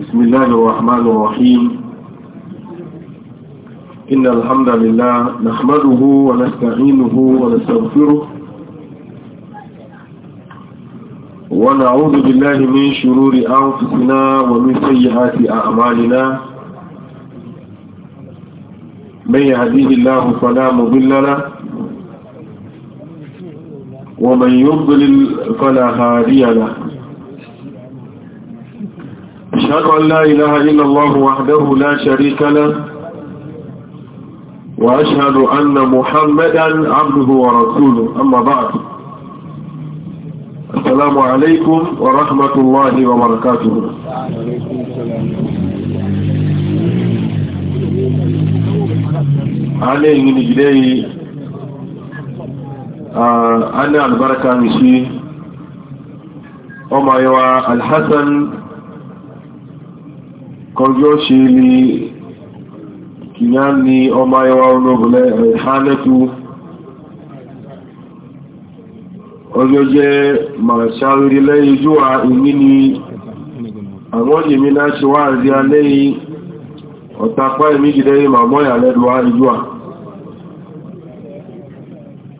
بسم الله الرحمن الرحيم إن الحمد لله نحمده ونستعينه ونستغفره ونعوذ بالله من شرور أنفسنا ومن سيئات أعمالنا من يهديه الله فلا مضل له ومن يضلل فلا هادي له أشهد أن لا إله إلا الله وحده لا شريك له وأشهد أن محمدا عبده ورسوله أما بعد السلام عليكم ورحمة الله وبركاته السلام عليكم السلام ana albaraka mishi ọmọ yawa alhassan kọjọ́ ṣe lè kìyàn ní ọmọ yawa olóbulẹ̀ alhannatu ọjọ́ jẹ́ marasáwírí lẹ́yìn jùwa ìní ni àwọn jẹ́mí náà ṣe wá àrí alẹ́yìn ọ̀tapá ìmí jìdẹ́yìn màmọ́ ìyàlẹ́dùwá ìjúwà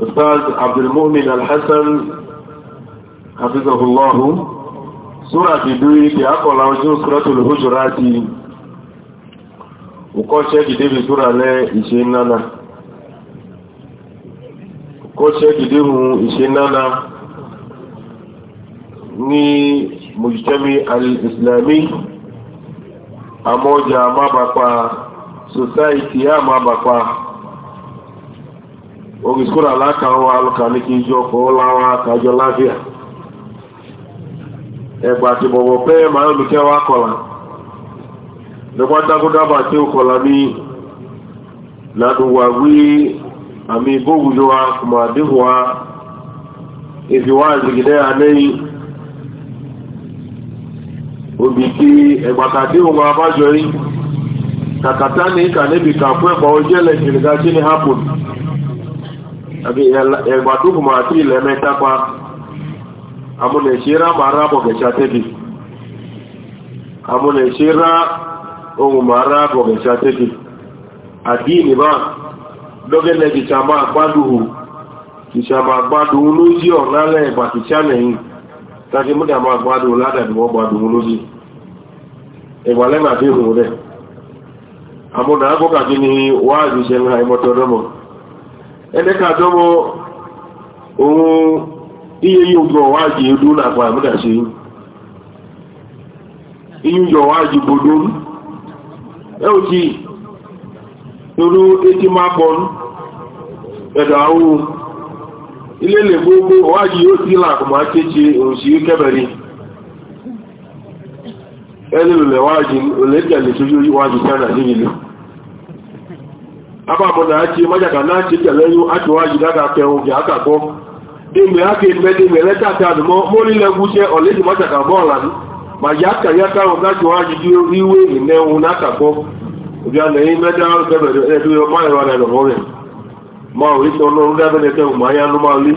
Ustaz Abdulmumin Alhassan Hafizahullahu Súra ti dúrí ti akọ̀lá ojú Súratul Hujurati Ukọ́ṣẹ́ ti débi súra lẹ́ ìṣe nánà. Ukọ́ṣẹ́ ti débi ìṣe nánà ní Mujtami al-Islami, àmọ́jà mábàpá, Society àmábàpá ogisikoro alaka wa aluka ní kí n jọ kọ́ láwa kájọ láfíà ẹgbà tí bọ̀bọ̀ pé màá lùkẹ́ wa kọ̀la nípa dákúdábà tí ó kọ̀la ní nàdùnwà wí àmì bóògùjọ wa kùmọ̀ àdéhùn wa ìfìwà àzìgìdẹ́ àlẹ́yìn obi kí ẹgbàkà àdéhùn wa bá jọ yìí kàkàtà ní ìkànnébìkà fún ẹgbà ọjọ́ ẹlẹ́sìn ìdájí ní hapun abi ẹgbà tó kùmọ̀ àti ilẹ̀ mẹ́ta pa amúnẹ̀ ṣe rá máa rá bọ̀gẹ̀ṣà tẹ́bi amúnẹ̀ ṣe rá ohun máa rá bọ̀gẹ̀ṣà tẹ́bi àdíìnì máa lọ́gẹ́lẹ̀ kìṣà máa gbádùn kìṣà máa gbádùn lójí ọ̀nálẹ̀ ìgbà kìṣà nẹ̀yìn tàbí múdà máa gbádùn ládàdùmọ́ gbádùn lójí ẹgbà lẹ́nà àdéhùn rẹ̀ emeka jọmọ ohun ihe yi oge ọwa ji edu na akwa amụdachi ihe yi ọwa ji bodo m e eoji toru eti mapọn ẹdọ awu ilé lè gbogbo ọwa yóò sí làkùnmọ́ akéche òsì kẹbẹ̀rẹ̀ ẹni lòlẹ̀ wájì olè abamụna achi manyaka na achi kelee yu achụwa jide aga akenwu gị aka kpọ dịmgbe aka eme dịmgbe eleta aka adụmọ mụlile gwuche ọlaeji machaka bọọla m ma ji aka ya aka ahụ gachụwa dị iwe na aka kpọ bịa na imeda debere edu mayịwara na ọrịa ma orite ọnụrụ ndị abenete bụ ma anya anụmanụ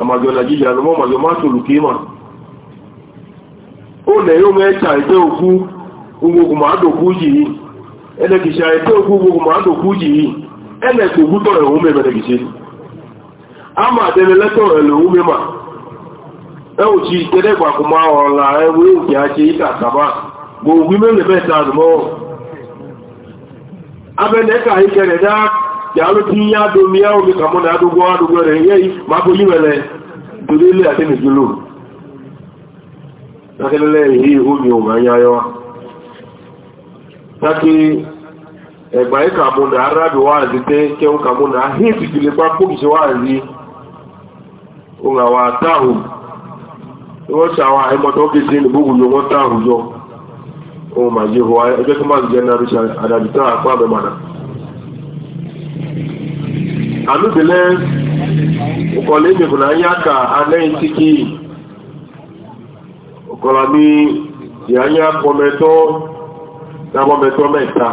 amagio na jiji anụmọ magio ka ịma ụlọ ya echa ete okwu ugwu ma adokwu ji ẹnẹ̀kìṣẹ́ àìtẹ́ ogún gbogbo màádùn kú yìí ẹnẹ̀kì ji tọ̀rọ̀ ẹ̀hún mẹ́bẹ̀ ẹnẹ̀kìṣẹ́ a máa tẹ́lẹ̀ lẹ́tọ̀rọ̀ ẹ̀lẹ̀hún mẹ́mà ẹ̀hùn tí ìtẹ́lẹ̀gbà kò máa ọ̀la ẹwé òkè àṣẹ ìtàkàbà gbogbo mẹ́lẹ̀ mẹ́ta àdùmọ́ abẹ́lẹ́kà ìkẹrẹ̀ dá yàrá tí yá domi yá omi kàmọ́nà adúgbò adúgbò rẹ̀ yẹ́ máa bó yíwẹ̀lẹ̀ torí ilé àtẹ́nìjúlò lákẹ́lẹ́lẹ́ èyí omi taki ẹgbà yìí kàmú nà arábì wáàzì tẹ kẹwọn kàmú nà ahìtì kìlì pa kókìsì wáàzì òun àwọn àtàhù wọ́n ṣe àwọn àìmọ̀tọ́ kéṣe ní gbogbo yóò wọ́n táhù yọ òun mà yé wọ́n ẹgbẹ́ tó máa jẹ́ ṣe àdàbí àpá náà yá ka anẹ́yìn tíkì ọkọ̀lá ìyá yá láwọn mẹ́tọ́ mẹ́ta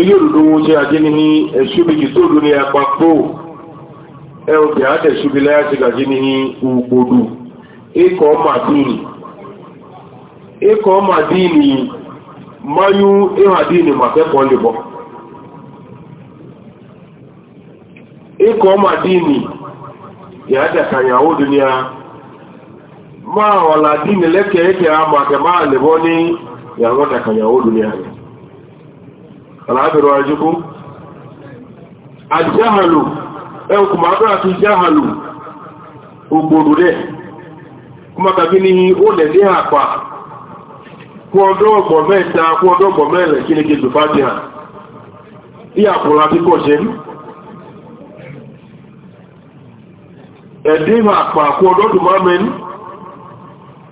ilé òdòdó wọn ṣe ajé ní ní ẹ̀ṣúbìjì tó dún ní apapọ̀ ẹ òkè àti ẹ̀ṣúbì láyá ti gàjé ní ògbòdò ikọ̀ màdínì ikọ̀ màdínì máyú ìhàdínì màkẹ́kọ̀ọ́ lè bọ̀ ikọ̀ màdínì ìhàdàkàyàwó dúnìyà máa ọ̀là dínì lẹ́kẹ̀ẹ́kẹ̀ àmàkẹ̀ máa lè leboni ní ìyàwó takàyàwó dúnìyà rẹ̀ aláàbẹ̀rọ ajúkú àjáhàlù ẹnkù máa bẹ́rẹ̀ fi jáhàlù ògbòrò rẹ̀ kúmọ́ tàbí ní ó lẹ̀ ní àpà kú ọdọ́ ọgbọ̀ mẹ́ta kú ọdọ́ ọgbọ̀ mẹ́rẹ̀ kí ní kí gbùfà jẹ́ hàn ní àpòlá tí kọ̀ jẹ́ ẹ̀dínwà àpà kú ọdọ́ ọdún máa mẹ́rin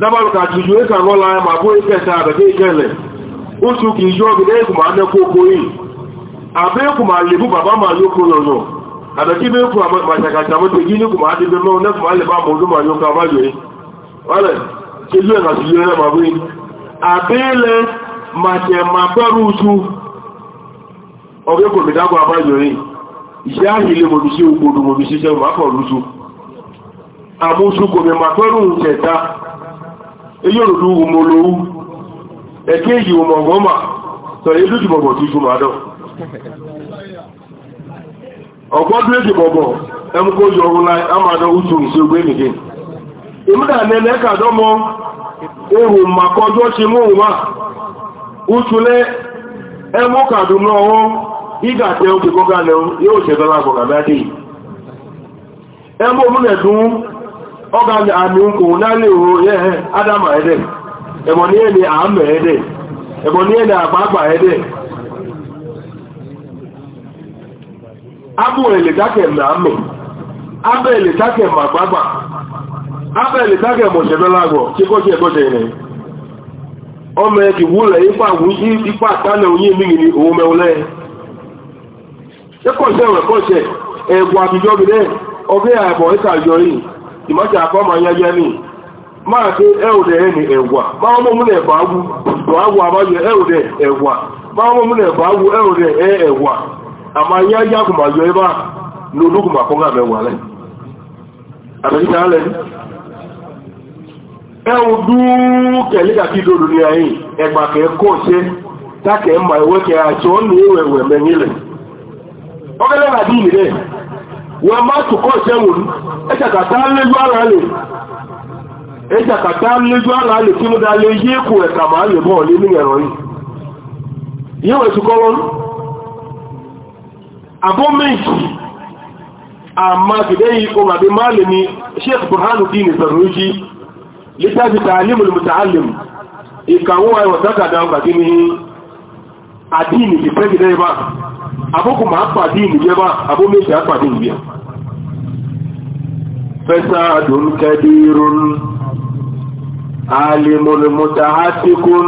dábàrùkà jùjú ẹ̀kà rọ́lá ẹmà bó ẹ̀kẹta àbẹ̀dẹ́ ìjẹ́lẹ̀ ó tún kìí yọ́ ọ̀gẹ̀dẹ́ ẹ̀kùn máa mẹ́kọ́ oko yìí àbẹ́ẹ̀kùn máa lè bú bàbá máa yókò lọ́nà àbẹ̀kí mẹ́kùn àmàṣàkàṣà mọ́tò yìí ní kùn máa dé bẹ́ẹ̀ mẹ́kùn máa lè bá mọ́ ọdún máa yókò àbájọ yìí wálẹ̀ ṣe yóò ẹ̀kà sí yóò ẹ̀mà bó yìí àbẹ́ẹ̀lẹ̀ màṣẹ̀ máa bẹ́rù eyóòrùdú umolówú ẹ̀kéjì umọ̀gọ́mà sọ elújì bọ̀bọ̀ tí ṣùgbọ́n adọ́ ọ̀gbọ́dún èjì bọ̀bọ̀ ẹmkójì ọrún láì amàdọ̀ útù ìṣe ogbé nìdí ìmúdà nẹ́lẹ́ ohun makọjọ́ ṣe mú ọga àmì ǹkù n'alẹ́ ìwò yẹ́ adama ẹ̀dẹ̀ ẹ̀mọ̀ ní ẹni àmẹ́ ẹ̀dẹ̀ ẹ̀mọ̀ ní ẹni àgbàgbà ẹ̀dẹ̀ abúrẹ̀ lè ọmọ ẹ̀kì wúlẹ̀ ipa onye mìírì ní òun mẹ́ulẹ́ ẹkọ̀ṣẹ́ ẹ̀kọ̀ṣẹ́ ẹ̀gbọ̀ àtijọ́ ọgbẹ́ yìí ìmọ́jà àkọ́ ma yẹyẹ ní máa ṣe ẹ̀ọ̀dẹ̀ ẹni ẹ̀wà máa mọ́ múlẹ̀ bàáwú bàáwú àbáyẹ ẹ̀ọ̀dẹ̀ ẹ̀wà máa mọ́ múlẹ̀ bàáwú ẹ̀ọ̀dẹ̀ ẹ̀ẹ̀wà àmà yẹyẹ ya ní ayé ẹgbàkẹ́ kó ṣe wọ́n má tùkọ́ ìṣẹ́wòn ẹ̀ṣàkàtà lójú ara lè ẹ̀ṣàkàtà lójú ara lè kí ló dá lé yé kò ẹ̀kà máa lè bọ́ lé ní ẹ̀rọ yìí yíò ẹ̀ṣùkọ́ wọn àbọ́ méjì àmà gẹ̀dẹ́ yìí kò rà bí má lè ní sheikh burhanuddin zarruji lítàbí tààlimul muta'allim ìkàwọ́ ẹ̀wọ̀ sákàdá ọgbà kí ni àdínì ìfẹ́ gẹ̀dẹ́ yìí bá àbókù máa pàdé ìlújẹ́bá àbóméjì á pàdé ìlú yà fẹ́sàdùn kẹdìrún alìmọ̀lùmọ̀ta átíkún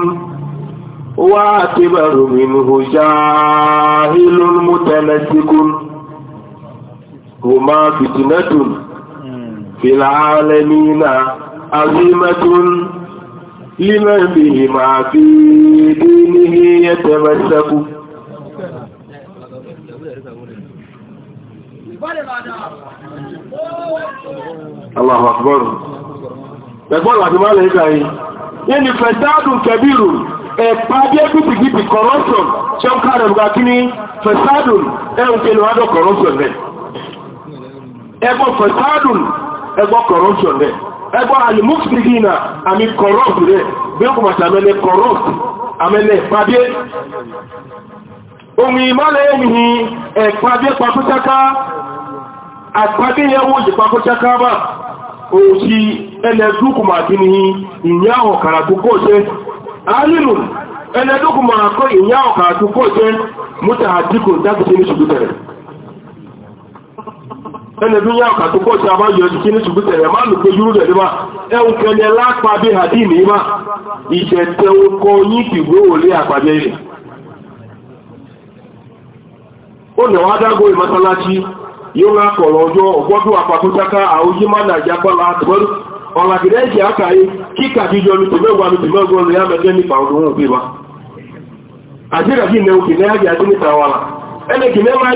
wá àtibẹ̀rù mìíràn jáàhìlún mọ̀tẹ́lẹ́síkún hùmá fìtìnẹ́tùn fìlàálẹ́mìnà azímẹ́tùn límẹ̀ bìí máa fi dí níhí yẹ́tẹ̀mẹ́sẹ́kún Allahu Akbar. Ẹgbọ́n àti máa lè gbà yìí. Yé ni Fẹ̀sádùn Kẹbírù, ẹ̀pá bí ẹgbìgbìgbì corruption, ṣe ń kààrẹ̀ bùgbà kí ní Fẹ̀sádùn ẹ̀hùn kí ni wọ́n dọ̀ corruption rẹ̀. Ẹgbọ́n Fẹ̀sádùn ẹgbọ́n corruption rẹ̀. Ẹgbọ́n Alimuxigina, àmì corrupt rẹ̀, bí ó kùmàtà mẹ́lẹ̀ corrupt, àmẹ́lẹ̀ pàdé. ohun ìmọ́lẹ̀ èyí ẹ̀pàdé pàkúṣáká àpàdé yẹwò ìpàkúṣáká bá òṣì ẹlẹ́dúkùmà bí ní ìyá ọ̀kàrà tó kó jẹ́ alìlù ẹlẹ́dúkùmà kọ́ ìyá ọ̀kàrà tó kó jẹ́ mútà àdíkù dákìtì ní ṣùgbùtẹ̀rẹ̀ ẹlẹ́dún yá ọ̀kà tó kó jẹ́ àbáyọ̀ ẹ̀dùkì ní ṣùgbùtẹ̀rẹ̀ má lù yúrù rẹ̀ níbà ẹun ụlọ adágún ìmọ̀sálásí yóò ń akọ̀rọ̀ ọjọ́ ọgbọ́dún àpapọ̀sáká àwòjímọ́nà àjápọ̀lá àtìmọ́rú ọ̀làgìdẹ́ ìṣẹ́ àkàyé kíkà jíjọ ní tìmẹ́gbà ní tìmẹ́gbà ní àmẹ́jẹ́ nípa ọdún a wa àjíràjì ilẹ̀ òkè náà jẹ́ àjínítà wàlà ẹni kìí mẹ́wàá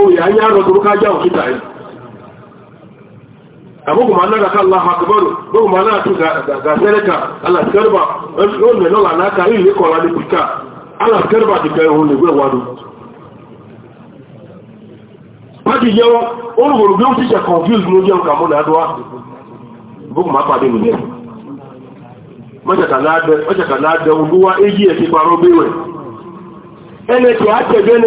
oyà ń yára ka kájá òkúta yìí àbúkù ma ma náà tún gàzẹ́rẹ́kà alàskẹ́rẹ́bà ọ̀nà lọ́la náà ilé kọ̀ọ̀lá ní pìkà alaskarba ti kẹ́ ohun ìwé wadu pàtì yẹwọ́ olùgbòrò bí ó ti jẹ́ confused ló jẹun kàmú náà dọ́wà bókù ma pàdé nìyẹn mọ́jàkà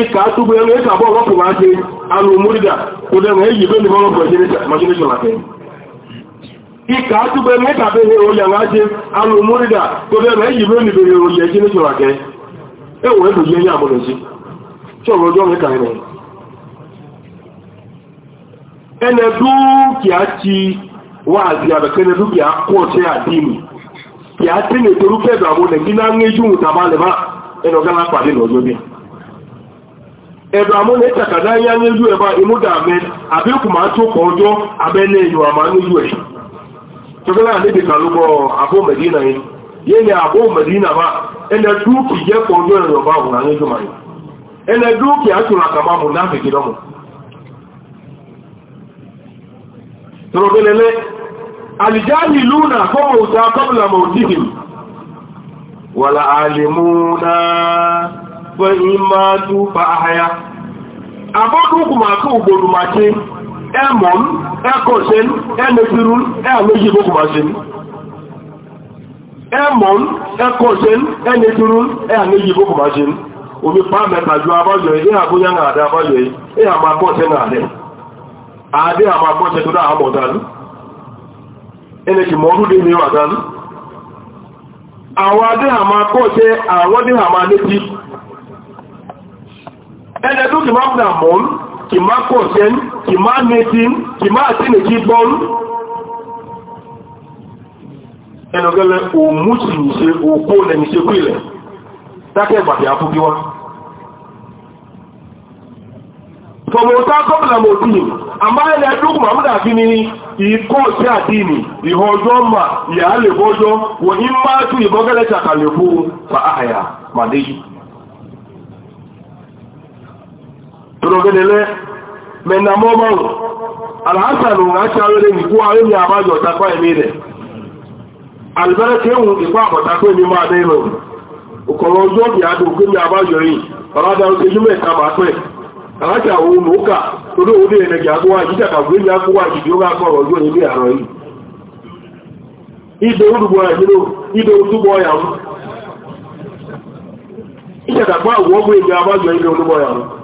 ịka atụgbu enwe ka abụọ asị na ịka atụgbu enwe ịka abụ ihe e onye nwa asị anụ mụrịda ụdị enwe eji ibe ndịbọ onye machination na kee enwe ebuji enye agbụrụzi chọrọ ọjọọ ịka ime ene dúkìá ti wá àti àbẹ̀kẹ́ ene dúkìá kọ́ ọ̀tẹ́ àdínì kìá tí nìtorú pẹ̀lú àwọn ebe amụ na-echa na anya n'elu ebe a ịmụ ga-ame abịakwu ma atụ ụka ọjọọ abịa na-enyo ama n'elu e tụgala adịbị ka lụgbọ abụ medina ya ya na abụ medina ma ene duki je ka ọjọọ enyo ba bụ na n'elu ma ya ene duki atụrụ aka ma mụ na-abịagide mụ tụrụbelele alijani luna kọmụta kọmụla wala alimuna mmadụ ba ahịa agbakụkwụ maka ugboro m, emom m, emeziru eamejibokwumasin emom m emeziru m. omi pa mẹ́tàjú abájọ̀ ilé àbúyá náà àdé abájọ̀ yìí èyà máa pọ́ọ̀tẹ́ náà adị. àdé àmà pọ́ọ̀tẹ́ tó dáa mọ̀ dánú ẹni kì ọrụ dị dé ní wà dánú àwọn adé àmà pọ́ọ̀tẹ́ àwọn dé àmà ẹnẹdún kì máa gbà mọ́ kì máa kọ̀ sẹ́n kì máa nẹ́tín kì máa tí lè kí bọ́n ẹnugẹ́lẹ́ òmú sì ní ṣe òkú lẹ́ni ṣe kú ilẹ̀ dákẹ́ ìgbàdì àfúgbí wá tọ̀wọ̀ta gọ́ọ̀lá mọ̀tí àmá ilẹ̀ ẹdún mahmud àfi ní ikọ́ sí àdínì ìhọjọ́ mà ìyà lè bọ́jọ́ wọ̀nyí máa tún ìbọ́gẹ́lẹ́ ṣàkàlẹ̀ fún fa àhàyà màdéyìí torogelele mena mọmanwụ alhassan ụra a ikwu ahụ ya abaghị ọtakwa emere albarka enwu ikwa ọtakwa ememe ada ilo ụkọrọ ozu obi adụ okemi abaghị oyi ọrada oke jume ka ma kwe alacha wu na ụka ene gị agụwa ajija ka gwe ji oge ozu onye arọ ide urugbo ya ide ya m ọgwụ eji oyi ya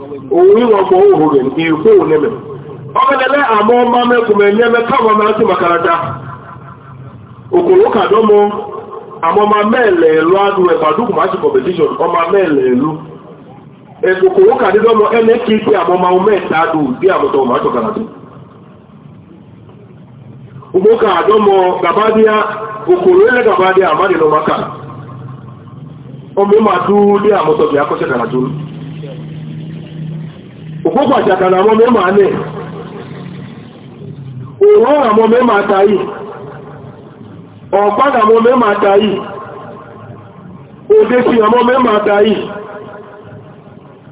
owu iwe ọgbọ ohuru ikwu oneme ọgadebe ama ọma mekume nyeme kama na asị makarata okoro ka domo amọma mẹ́ẹ̀lẹ̀ ẹ̀lú adùn ẹ̀fà dùkù máa ṣe competition ọmọ mẹ́ẹ̀lẹ̀ ẹ̀lú ẹ̀kòkòrò kà nínú ọmọ nfkp àmọ́mọ́ mẹ́ta dùn bí àmọ́tọ̀ ọmọ àtọ̀kàrà tó ugbo ka àdọ́mọ gàbádíà òkòrò ilẹ̀ gàbádíà àmàdìlọ́mọ́kà ọmọ ìmàdú ụkwụkwọ àjàkà na amụma mẹ́mà anị ụrụ amụma ịma ata yi ọkpa na amụma ịma ata yi òdesi na amụma ịma ata yi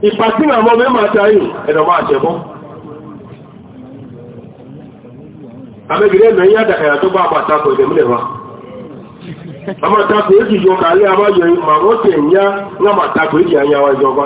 ìpàtí na amụma ịma ẹ̀dọ̀mọ́ ẹ̀nà tó bá tẹ̀ ìjọba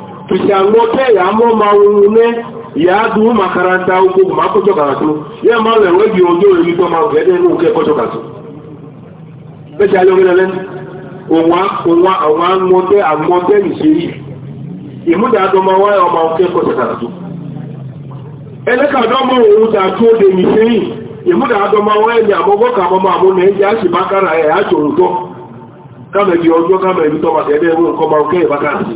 pịcha nwoke ya amụ manwụ nne ya adụ makaranta ukwu ma akụchọkatụ ya ma na enweghị onye orito ma nke dị n'uke kọchọkatụ pechala onwere onwa onwa onwa mmote ammote na ìmúdà àdọmọwá ọmọ òkè kọchọkatụ ẹlẹ́ka ta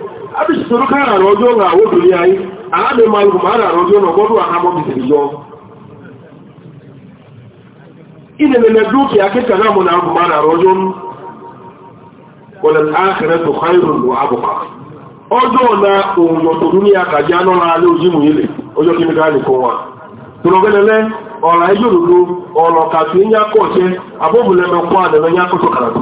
abịchitoro a rara ọjọọ na awobili anyị anadị mmalụ ma a rara ọjọọ na ụfọdụ aha mọbiziri jọọ inenene dukiya kika namu na abu mana rojun wọlẹ̀ na tó khairun wà ábùkà ọjọ́ ọ̀nà òun ọ̀tọ̀ dúníà kàjá ka alẹ́ òjìmù ilẹ̀ ọjọ́ kí ní ká nìkan wà tọ́lọ̀gẹ́lẹ́lẹ́ ọ̀rọ̀ ẹjọ́ òdòdó ọ̀rọ̀ kàtí ń yá kwa abóbùlẹ́mẹ́kọ́ àdẹ̀mẹ́ yá kọ́tọ̀ kàràtù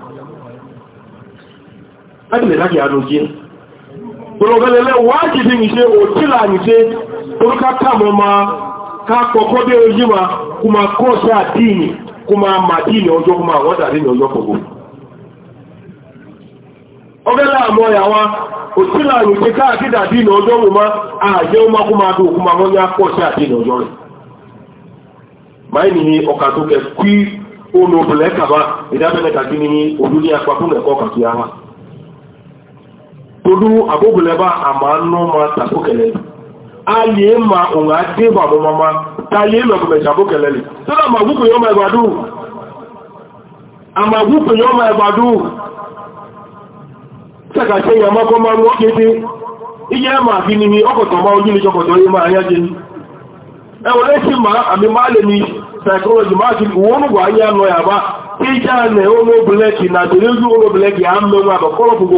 ajiyar da ya doke orogalele wajibi ni otila ni ṣe orúkà kàmọ ma ká kọkọ dé kuma kọ́ọ̀ṣẹ́ àdínì kuma màdínì ọjọ́ kuma àwọn àdínì ọjọ́ kọ̀kọ́ ọgẹ́lẹ̀ àmọ́ ìyàwó òtílà ní ṣe káàkiri àdínì ọjọ́ mú ma àjẹ́ ó kuma adó kuma wọ́n yá kọ́ọ̀ṣẹ́ àdínì ọjọ́ rẹ̀ máa ní ọkà tó kẹ kí ó nobulẹ̀ kàbá ìdábẹ́lẹ̀ kàkí ní olú ní apapọ̀ mẹ́kọ́ ara toru agbógunlẹ́bá àmàánú ma tàbókẹ̀lẹ̀ a lè ma òun àti ìbàmọ́ mama ta ma gúkù yọ́ ma ẹgbàdú àmà gúkù yọ́ ma ẹgbàdú sẹ́kàṣẹ́ ìyàmọ́kọ́ ma mú iye ma fi ni ọkọ̀tọ̀ ma ojú níjọkọ̀tọ̀ yé ma ayá jẹ ẹwọ lẹ́sí ma àmì máa lè ní psychology ti gbogbo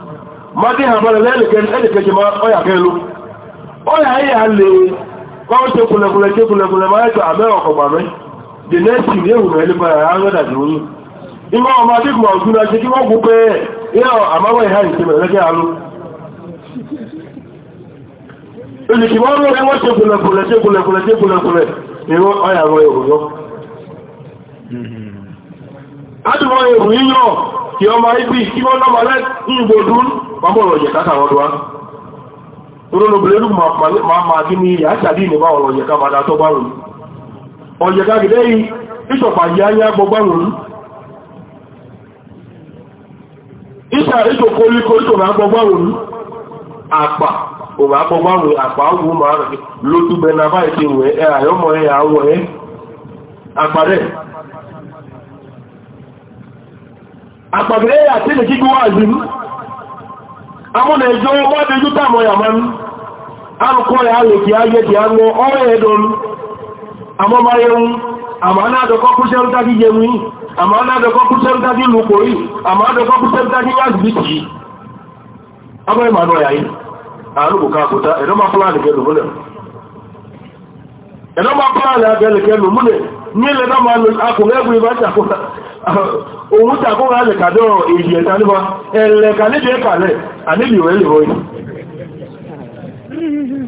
ma dé àbára lẹ́ẹ̀lẹ̀kẹ́jì ma ọyà kẹ́lú ọyà ayé a lè kọ́ tó kùlẹ̀kùlẹ̀ tó kùlẹ̀kùlẹ̀ ma ẹ́tọ̀ àbẹ́ ọ̀kọ̀gbà dì nẹ́ẹ̀sì ní èwù rẹ̀ kí ọmọ ibi kí wọ́n lọ́mọ lẹ́ ní ìbò a màmú ọ̀rọ̀ yẹ ma wọn wá. Tóró ló bèrè lùmọ̀ máa máa kí ni àṣàdí ìnìbá ọ̀rọ̀ yẹ ká máa dátọ́ gbárùn. Ọ̀yẹ̀ ká gidẹ́ yìí, ìṣọ̀pá yá yá gbọ́ Ìṣà àpàgìrẹ́ àti ní kíkú wà sí amúnà ẹjọ́ wọ́dé jútà mọ́ yàmán alùkọ́ rẹ̀ alùkì ayé a lọ ọrẹ́ ẹ̀dọ́n amọ́máyẹun àmàánádọ́kọ́ púṣẹ́rútà kí jẹun yìí àmàánádọ́kọ́ púṣẹ́rútà kí lùkò yìí àmàánádọ́kọ́ na ní òun tàbí wọ́n lè kàdọ́ èyí ẹ̀ta níbọn ẹ̀lẹ̀kà níbi ẹ̀kàlẹ̀ àníbì rẹ̀ lè bọ́yí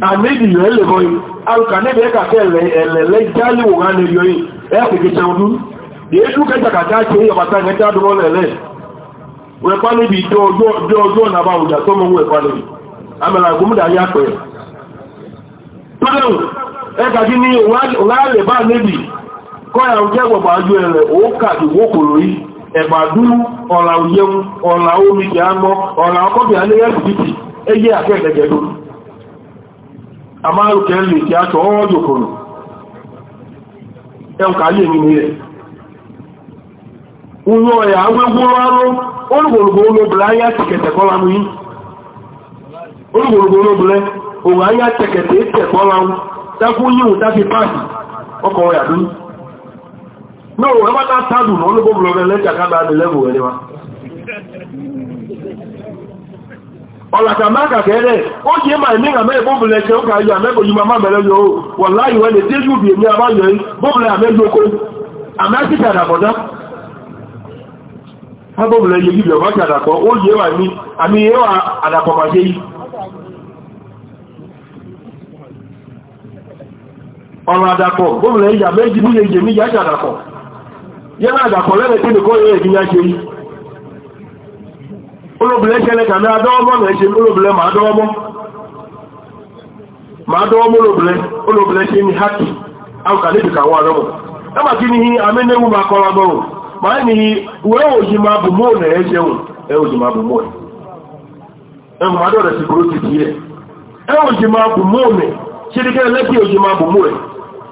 àníbì rẹ̀ lè bọ́yí alùkà níbi ẹ̀kàkẹ́ ẹ̀lẹ̀lẹ́ jáliwò rán lè yọyí ẹ̀kùnkẹ́ tẹ̀ọdún èédú kẹtàkàtà tí ọbàtà ẹ̀ta dúró lẹ̀lẹ́ wẹ̀pá níbi ìjọ ọjọ́ ọ̀nà bá òjà tó mọ́ wẹ̀pá níbi àmàlà àgbómúdà ẹ̀gbàdú ọ̀là òyẹun ọ̀là omi kì á mọ́ ọ̀là ọkọ́bì alẹ́yẹ́sìtì eye àfẹ́ẹ̀lẹ́gẹ̀ẹ́dó àmárùkẹ́ lè kí á tọ́ ọ́jọ̀kọ̀rọ̀ ẹ̀kà No, ẹwà látàdù lọ lókò bùrọ̀bẹ̀ lẹ́jà kábà ní lẹ́bù ẹni wa. Ọ̀làkà máa kàkẹ́ rẹ̀, ó jẹ́ máa ní àmẹ́ ìbóbùlẹ̀ ṣe ó kàájú àmẹ́kò yìí máa mẹ́lẹ́ yóò wọ̀ láì wẹ́lẹ̀ tí yóò bí èmi àbáyọ̀ yìí, bóbùlẹ̀ àmẹ́jọ́kó, yana àgbàpọ̀ lẹ́nà tí nìkan yẹ ìdíyà ṣe yìí olóbìnrin ṣẹlẹ̀ kàmí adọ́wọ́mọ́ rẹ̀ ṣe olóbìnrin máa dọ́wọ́mọ́ máa dọ́wọ́mọ́ olóbìnrin olóbìnrin ṣe ní haki alùkàlẹ́bìkà wọn àdọ́mọ̀ ẹgbà kí ni ẹ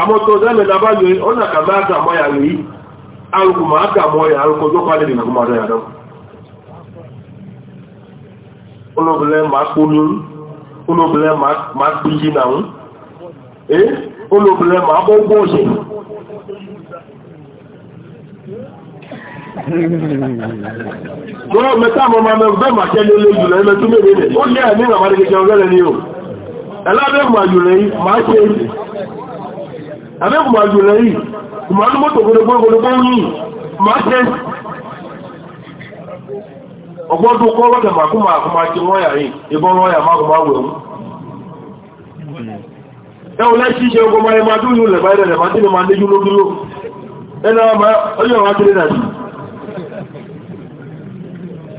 amọ́tọ́ ọ̀dẹ́mẹ̀ náà bá lè ọ́nà kàmẹ́ àgàmọ́yà lè yí alùkù máa gàmọ́yà alùkù ọjọ́ pàdé nìkan máa rẹ̀ àdọ́ olóbìnrin máa kónú olóbìnrin máa gbíjí náà ma olóbìnrin máa bọ́ gbọ́ọ̀ṣẹ̀ wọ́n mẹ́ta mọ́ máa mẹ́gbẹ́ máa kẹ́lé lé jùlọ àbẹ́ kò máa jùlọ yìí kò máa ní mọ́tò gbogbogbò yìí máa tẹ́ ọgbọ́n tó kọ́ lọ́dẹ̀ máa kó máa kó máa ti wọ́n yà yìí ìbọn wọ́n yà máa kó máa wẹ̀ wọ́n. ẹ wọ́n láì ṣíṣe ọgbọ́n máa yẹ máa dúró lẹ̀ báyìí lẹ̀ máa tí ni máa déjú lójúló ẹnà ọjọ́ wa ti lè dàbí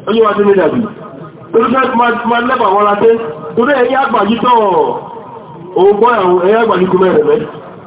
ọjọ́ wa ti lè dàbí torí fẹ́ máa lẹ́bàá wọn la tẹ́ torí ẹ̀yà àgbàjítọ̀ òun bọ́ ẹ̀yà àgbàjítọ̀ mẹ́rẹ̀ mẹ́rẹ̀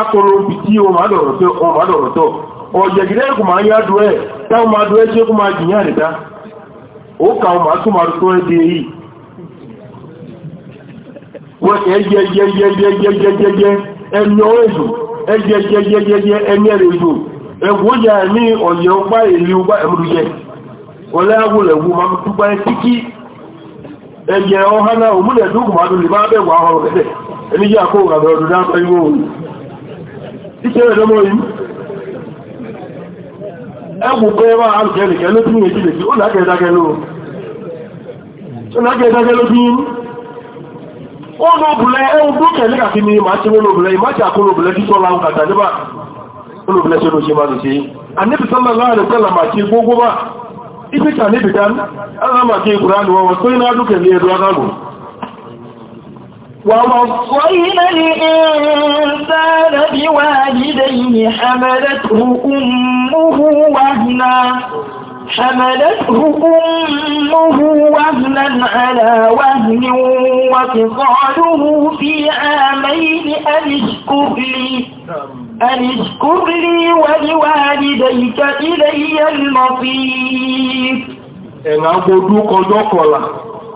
akọrọ obi tí o máa dọ̀rọ̀ tó o máa dọ̀rọ̀ tó ọ̀jẹ̀gìdẹ́ ẹ̀kù máa yá dúẹ́ táwọn máa dúẹ́ tí ó kú máa jìyàn nìta tún máa tó ẹ́ dé Ìṣẹ́ rẹ̀ lọ́mọ yìí. Ẹgbùn kọ́ ẹwà àrùkẹ́ nìkẹ́ ló tún èjì lè sí, ó lákẹ́ ìdákẹ́ ló. Ó lákẹ́ ìdákẹ́ ló tún. Ó lọ bùlẹ̀ ẹwùn gbókẹ̀ ní kàfí ni máa ti wọ́n obìnrin, máa ti àkóró obìnrin tí sọ́lá ń kàtà ṣe máa lè ṣe. ووصينا الإنسان بوالديه حملته أمه وهنا حملته أمه وهنا على وهن وفصاله في عامين أن اشكر لي أن اشكر لي ولوالديك إلي المصير.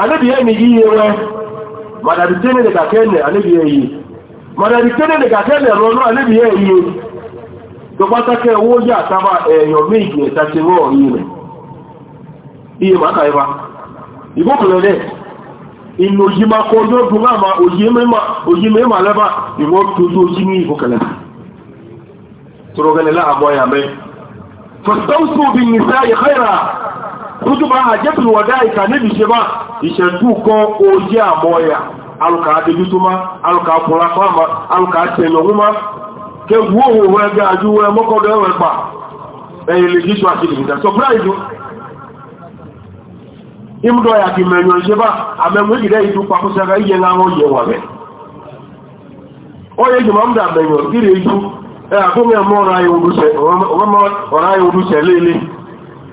anabi ni yi yewe madari tene daga kene anabi ye yi madari tene daga kene rono anabi ye yi to pata ke wo ya taba eyan meji ta ti wo yi re iye ma ka iba ibo ko le inu yi ma ko do du ma ma oyi me ma oyi me ma le ba iwo tu tu ji ni kutuba hajjatul wada'i ka nabi ṣe ba ìṣẹ̀dú kan ojí àmọ́ya alùkà adéjútúmá alùkà kùnrafáàmà alùkà tẹ̀yọ̀húnmá kẹwú òhun ẹgbẹ́ ajúwẹ́ ọya ẹwẹ́ pa ẹ̀yìn lè jíṣọ́ àti ìgbìta sọpráìdù ìmúdọ̀ ya kì mẹ̀yàn ṣe bá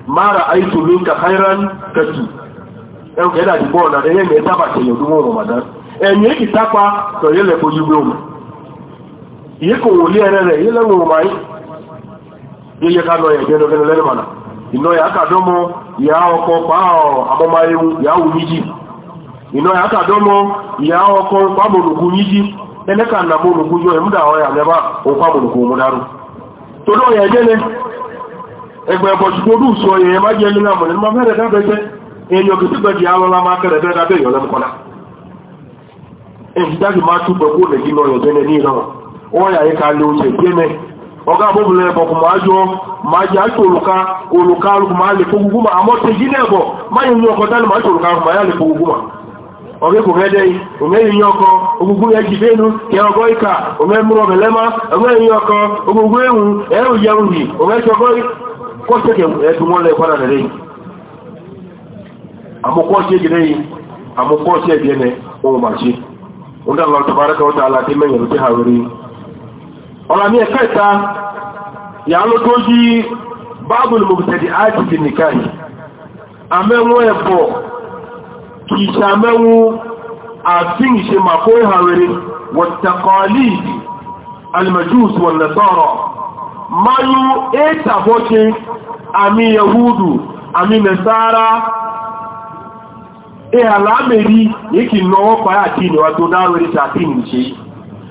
mara aitu minka khairan katu ẹn kẹ́dà dìbò ọ̀nà ẹ̀yẹ́ ìgbẹ́ sábà tẹ̀yẹ̀ ọdún wọn ramadan ẹ̀yìn èkì tápa tọ̀yẹ́ fojú gbé òun ìyẹ́ kò wò lé ẹrẹ rẹ̀ yẹ́ lẹ́wọ̀n yẹ́ ká lọ mọ̀nà egbe bọchukwu oge usoro ya ema ji enyi na mụrụ mma mere dabege enyo gị tupe ji alụla ma akara ebe dabe yọle mkwana ejida gị ma tupe kwụ na gị n'ọyọ gene niile ọya ị ka ndị ọ ga ọga abụbụla ebe ọkụ ma ajụọ ma ji achọ oluka oluka alụkụ ma alịkọ ugwu ma amọta gị ma ahụ ma ya ma ya kọ́ ṣẹ́kẹ̀ ẹ̀dùn wọ́n lẹ́ padà rẹ̀ àmúkọ́ ṣẹ́kẹ̀ lẹ́yìn àmúkọ́ ṣẹ́kẹ̀ ẹ̀nẹ̀ ohun màṣí ọdún àwọn tàbárakà ọ̀tà aláti mẹ́yìn lókè àwẹ̀rí ọ̀là ní ẹ̀ka ìta yà ló tó yí báàbùlù mayu eta bokin ami yahudu ami nasara e alameri yiki nawa kwaya ti ne wato dawere tafi ne ce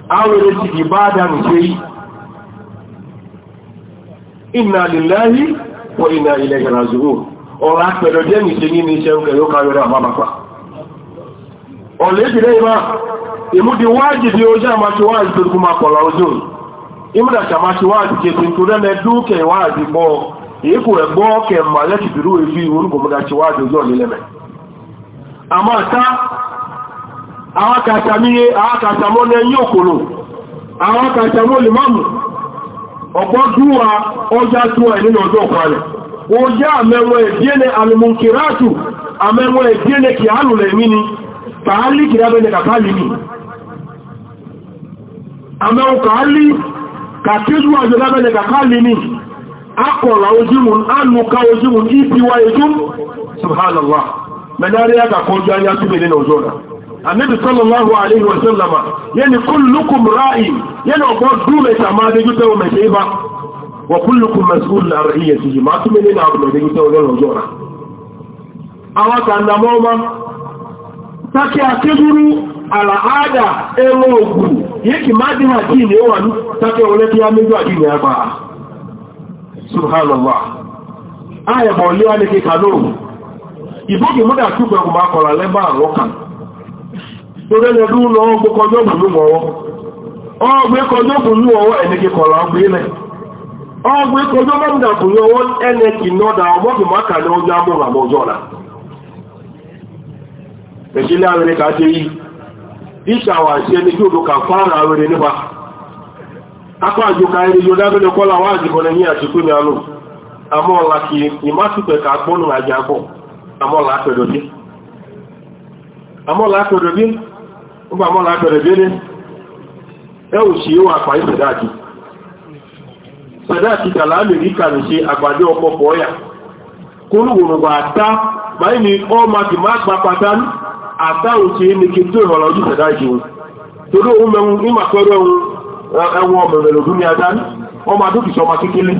awere ti di bada ne ce inna lillahi wa inna ilaihi raji'un ọ̀rọ̀ apẹ̀lọ̀ jẹ́ nìṣe ní iṣẹ́ òkè yóò káyọrọ àbábàpá ọ̀lẹ́gbẹ̀rẹ̀ ìmá ìmúdi wájìdí ojú àmàtíwájì tó kú ma pọ̀lá ojú òní imra chama chiwazi chetinturene duke wazi bo ikuwe boke male kibiruwe vi urugo muda chiwazi uzo amata awakatamiye awakatamone yokolo awakatamo limamu ọ̀pọ̀ dúwà ọjá túwà nínú ọjọ́ ọ̀pálẹ̀ ó yá àmẹ́wọ̀n ẹ̀díẹ́lẹ̀ alìmùnkìrátù àmẹ́wọ̀n ẹ̀díẹ́lẹ̀ kì á lùlẹ̀ mí ni tààlì ni àmẹ́wọ̀n kàtíjú ọjọ́ lábẹ́lẹ̀ kàkàlì ní akọ̀rọ̀ ojúmùn ánùká ojúmùn ìpíwà ojúm subhanallah mẹ́láríà kàkọjú ayá túnbẹ̀ nínú ọjọ́ rẹ̀ annabi sallallahu alaihi wasallama yẹni kullukum ra'in yẹni ọgbọ́ dúmẹ̀ sàmá adéjútẹ́ omi ṣe bá wọ kullukum mas'ul ar-ra'iyya ti yìí máa túnbẹ̀ nínú àbùnà adéjútẹ́ ọjọ́ ọjọ́ rẹ̀ àwọn kàndàmọ́ ọmọ tákì akéjúrú ada ẹmọ ògùn yìí kì máa dínà kí ilé wà ní tàkẹ́ olé kí a. méjì àdínà ẹgbà subhanallah ayẹ̀bọ̀ olé wà ní kíkà lóòrùn múdà túbẹ̀ kùnmà kọ̀rọ̀ lẹ́bà àrọ́kà tó rẹ̀ lọ́dún lọ gbókọjọ́ bùnú wọ́wọ́ ọgbẹ́ ìṣàwà àti ẹni tí ó dùn kàfàrà àwẹ̀rẹ̀ nípa akọ́ àjòkà ẹni yóò dábẹ́lẹ̀ kọ́lá wá àjìkọ́lẹ̀ ní àṣìkò ní alò àmọ́ọ̀lá kí ìmásùpẹ̀ ká gbọ́nù àjàkọ́ àmọ́ọ̀lá pẹ̀dọ̀dé àmọ́ọ̀lá pẹ̀dọ̀dé àtàrùkì ní kí tó ìrọ̀lọ́ ojú tẹ̀dá jù torí ohun mẹ́rin ní màkọ́rọ̀ ẹwọ ọmọbẹ̀ lòdú ní adá ọmọ adókìsọ ọmọ kékeré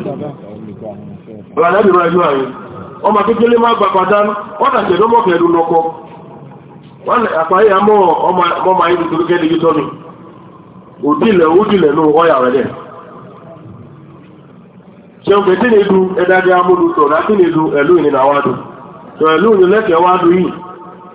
ọ̀làdẹ́bìnrin ẹjọ́ ààrẹ ọmọ kékeré má gbà padà ọ́dàṣẹ̀ lọ́mọkẹ̀ẹ́dùn lọ́kọ́ àpáyé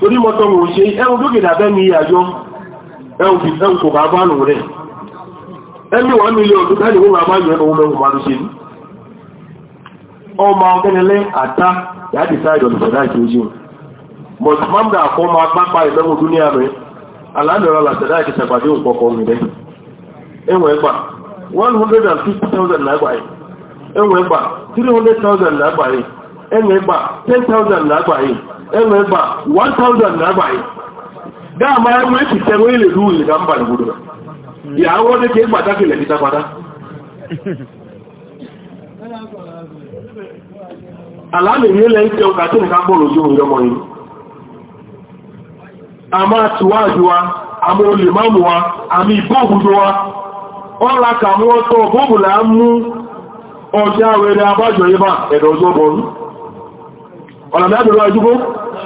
torí mọ́tọ́ mọ̀ ṣe ẹ̀rùn dókèdà bẹ́mi ìyàjọ́ ẹ̀rùn fi ẹ̀rùn kò bá bá nù rẹ̀ ẹ̀mí wọ́n mílíọ̀n tó káàdì wọ́n bá yọ ẹ̀rùn mẹ́rùn máa ṣe ní ọmọ ọgẹ́nẹlẹ́ àtá yàtì sáàdì 10,000 lágbàáyé enwe ebe 1000 na-abaghị dama ma nwee chitere onye lere ule na mba n'obodo ya ahụhụ dị ka ịgbata ka ilekịta gbata ala na-enye ụka ka mkpụrụ ozi nwere mọnyị ama tụwa ajụwa ama olimamụwa ama ibe ọla ka mụ ọtọ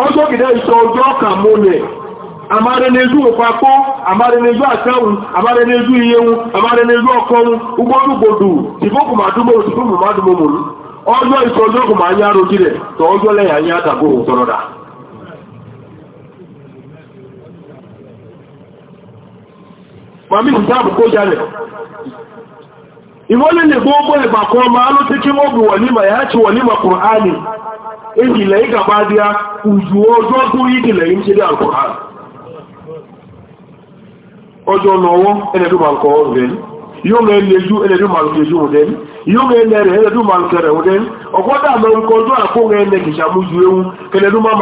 ọjọ́ iso ọjọ ka mole amara na-ezu ụkwakọ amara na-ezu akanwu amara na-ezu iyenwu amara na-ezu ọkọnwu ugbọrugbodu tibokwu ma dụmoru tibomu ma dụmomolu ọjọ iso ọjọ ma anya anya ehile ịgabadịa uzuo ọjọ a na ọjọ́ àkóhẹ́ ẹnẹ́ kìsàmújú ewu kẹlẹ́dú má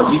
ọjọ́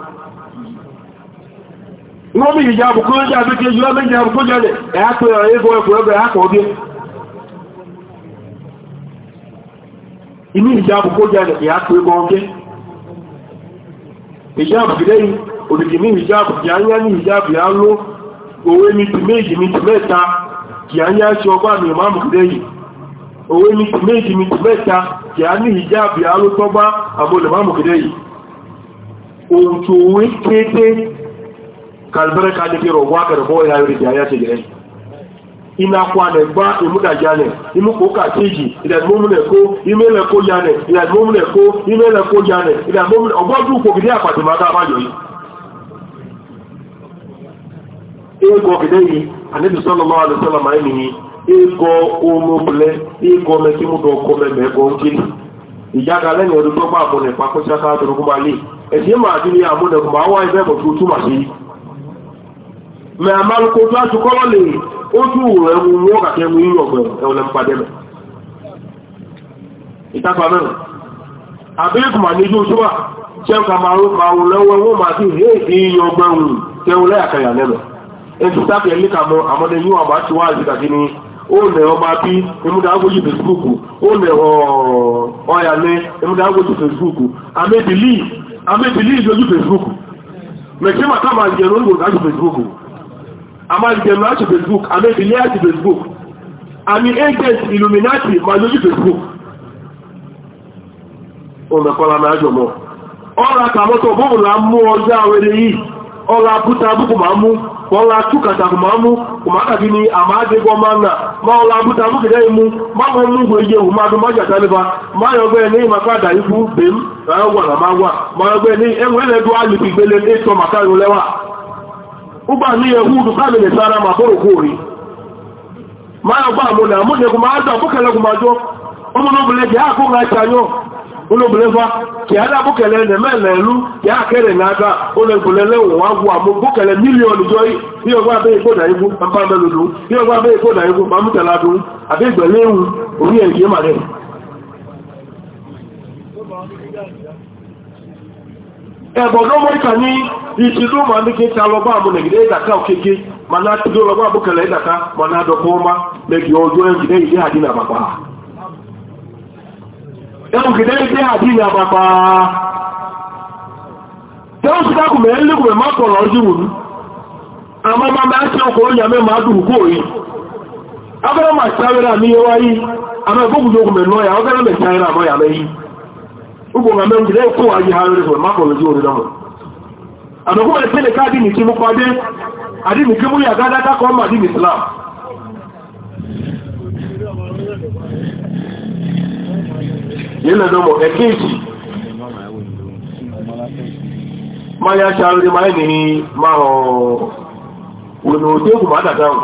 wọ́n mú ìjà àbùkú lójá àbíkí ojú ọmọ ìjà àbùkú jẹ́lẹ̀ ẹ̀yà pé ọ̀rọ̀ ẹgbọ́ ẹgbọ́ ẹgbọ́ ẹ̀yà kọ̀ ọdún inú ìjà àbùkú jẹ́lẹ̀ ẹ̀yà mi ti méjì mi ti mẹ́ta kì á ọgbà mi ti méjì mi ti mẹ́ta kì á ní kalbarka da ke rogo aka da kowai yayin da ya ce gidan ina kwa ne ba imuda jane imu ko ka keji ida mumu ne ko ime le ko jane ida mumu ne ko ime le ko jane ida mumu ne ogbo du ko gidi apati ma ta ba yo yi ego gidi yi anabi sallallahu alaihi wasallam ayi ni ego omo ble ego me ki mu do ko me me go nkiri ìjà kalẹ̀ ní ọdún tó gbà fún nípa kó ṣáká tó rúkú máa lè ẹ̀sìn máa dín ní àmúnẹ̀kùnmáwá ẹgbẹ́ bọ̀ tó túmọ̀ sí mẹ àmàlùkò tó aṣọ kọ́lọ́ lè ojú ẹ̀wù wọ́n kàkẹ́ mu yíyọ̀ ọ̀gbẹ̀ ẹ̀wọ̀n lẹ́nu padẹ́ mẹ́. ìtàkùn amẹ́rù àbíkùmà ní ojú oṣù wa ṣẹ́wọ́n kà máa ń pa òun lọ́wọ́ wọ́n máa ti hé ìyọ̀ ọ̀gbẹ̀ òun tẹ́wọ́n lẹ́yàkẹ́yà lẹ́nu. ètò tábìlì ẹ̀mí kà mọ́ àmọ́dé yóò àbá ti wá àti kàkí ni ó lẹ̀ ọba bí emúdágbójú Facebook ó lẹ̀ ọ̀ọ̀yà lẹ́ emúdágbójú Facebook amébìlì Facebook amaghịzem achị facebook ama ebili facebook fesbuk ami agent iluminati ma facebook fesbuk o mekwala na ajọ ọla ka ọ bụrụ na mmụọ ọjọọ nwere iyi ọla bụta bụkụ ma mụ ka ọla tụkata ma mụ ụmụaka gị ni ama adịghọ ma nna ma ọla mụ ma mụ mụ gwe ihe ewu ma jata nịba bụ ya ikwu be m na ya gwara m agwa ịtọ ụgbọala ya egwu udu kamị na-esara ma bụrụ kwori ma ya gba amụ na amụ na egwu ma adọ abụkele egwu ma jụọ ụmụnobele ji akụ ha chanyụ ụlọobelefa ka ya na-abụkele na eme na-elu ya akere na aka ụlọobelele ụwa gwụ amụ bụkele miliọn jọ ihe ogwa abịa ikpo na egwu mpa melụdu ihe ogwa abịa ikpo na egwu ma mụtala tela adụ abịa igbele ewu orie nke ịmara ẹ̀bọ̀dọ́ mọ́ríkà ní ìṣìdó ma ní kí ta lọ́gbà mú nẹ̀gìdẹ́ ìdàká òkèké ma náà tí ó lọ́gbà mana ìdàká ma náà dọ̀kọ́ ọmá lẹ́gbẹ̀ ọjọ́ ẹ̀gìdẹ́ ìdí àdínà bàbá ẹ̀gìdẹ́ ìdí àdínà bàbá tẹ́ ó sì dákù má pọ̀ lọ́jú wù ní àmọ́ má máa ṣe ọkùnrin yàmẹ́ máa dùn kó yìí abẹ́rẹ́ mà ṣáwẹ́rẹ́ àmì yẹn wáyé àmọ́ ìgbókùnjókùn lọ́yà ọgẹ́rẹ́ mẹ́ ṣáwẹ́rẹ́ àmọ́ yàmẹ́ yìí ugongambe ngile kuwa ajihayolezo mambo lejio lidamu amekuwa epele kadi mikimu kwa de adi mikimu ya gada kako ama adi mislamu yele domo ekeji ma ya ṣàrìrì ma ẹni ni ma ọ̀ ònà òdégùn ma dàdáhùn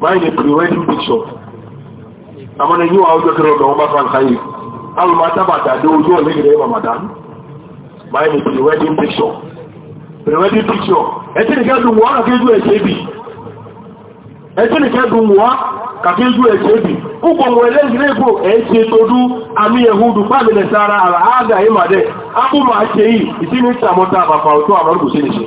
ma ẹni pre-wedding picture àmọ́ni yíwa ọjọ́ kẹrọ ọ̀dọ̀ wọn bá fa nǹkan yìí àwọn mata bàtà dé ojú ọ̀lẹ́ ìrẹ́ màmàdá máa ní pre-wedding picture pre-wedding picture ẹtí nìkẹ́ dùn wọ́n kàkéjú ẹ̀ṣẹ́ bì ẹtí nìkẹ́ dùn wọ́n kàkéjú ẹ̀ṣẹ́ bì púpọ̀ wọn ẹlẹ́gbẹ̀ẹ́ bò ẹ̀ṣẹ́ todú àmì ẹ̀húdù pàmìlẹ̀ sára àrà ágà ìmàdẹ̀ ábùmọ̀ àṣẹ yìí ìsí ní ìtàmọ́ta àbàfà ọ̀tọ́ àmọ́rùkù sí nìṣẹ́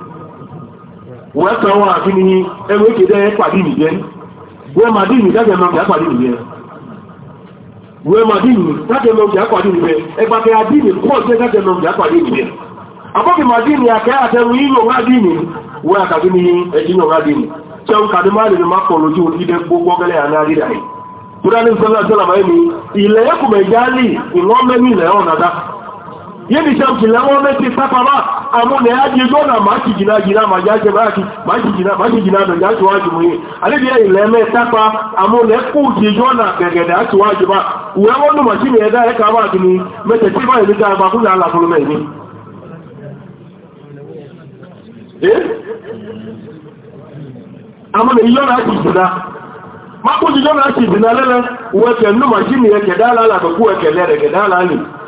wọ́n kan wọn àfi ní ẹrù èkéde pàdé nìjẹ́ wọ́n máa dín ní dájẹ́ máa bìá pàdé nìjẹ́ wọ́n máa dín ní dájẹ́ máa bìá pàdé nìjẹ́ ẹgbà kẹ́ adín ní pọ̀ jẹ́ dájẹ́ máa bìá pàdé nìjẹ́ àkọ́kì máa dín ní akẹ́ àtẹrù yìí lòun adín ní wọ́n àkàtí ní ẹ̀jìn lòun adín ní tẹ́wọ́n kàdé máa lè máa pọ̀ lójú ilé gbogbo gẹ́lẹ́ àná àrídà yìí yadda shamsu lawa mai ce saka ba amma da gina gina ma maki maki gina maki gina da ya ce waji muye alibi ya ile mai saka amma da ya uwe wani mashi ne ya da ya kama gini mai ta ci ba ya nika ba kuma ala kuma mai ne amma da iyona ya ce gina ma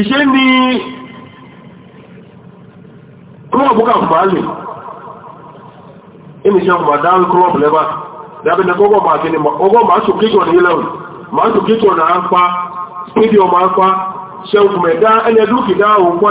ìṣe ní kúrọ̀bù kàfàálì ìmìṣẹ́ ọmọdá kúrọ̀bù lẹ́bà dábìnà kọ́gọ́ máa kí ni ọgọ́ máa ṣòkítọ̀ ní ilẹ̀ máa ṣòkítọ̀ na ń pa stadium máa ń pa ṣe òkùnmẹ̀dá ẹni ẹdúkìdá òun pọ̀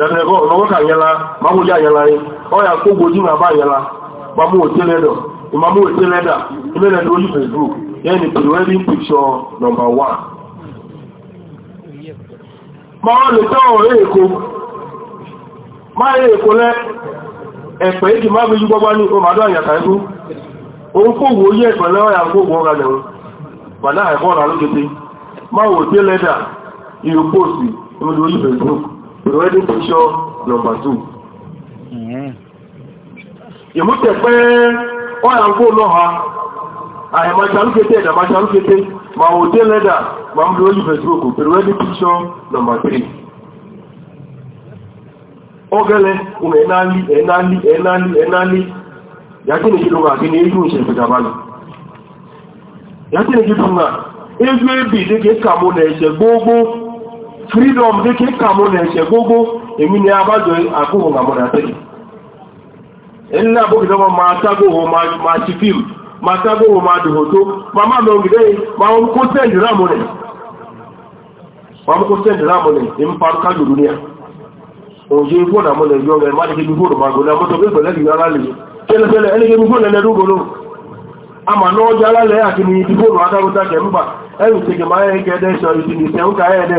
danego n'nwoke anyala ma mụ ya kụ ogboji ma aba anyala ma mụ oteledọ ma mụ oteleda imeneda oyi fesbuk ya ni pre-wedding picture number one ma ọ lè tọ́ ọ̀rẹ́ èkó máa yẹ èkó lẹ́ ẹ̀pẹ̀ èkì máa gbọ́gbá ní ọmọdé àyàkà òun lẹ́wọ́ ọ̀gá lẹ́wọ́ wò The wedding picture number two. Ìmúṣẹ̀pẹ́ ọ̀yà ń kó lọ́ha, àyàmàṣàlúkété ẹ̀dàmàṣàlúkété, ma wò dé lẹ́dà, ma ń lórí Facebook, the wedding picture number three. Ọgẹ́lẹ́, ohun ẹ̀nálí, ẹ̀nálí, ẹ̀nálí, ẹ̀nálí, yàtí nìkí lọ́wọ́ àti ní èyí ìṣẹ̀fẹ̀dàbà lọ. Yàtí nìkí fún náà, freedom dị ka ịka mụ na-eche gbogbo èmi ni abájọ àkóhò àmọ́dà tẹ́lẹ̀ ẹni náà bókìtọ́ ma ma tágóhò ma ti fíìm ma tágóhò ma dùhò tó ma máa ya ògìdẹ́ ma na mụ na ráàmù rẹ̀ ma ń kó sẹ́ndì ráàmù rẹ̀ ní parka lòrò ní à òjò ma gbọ́nà ya pé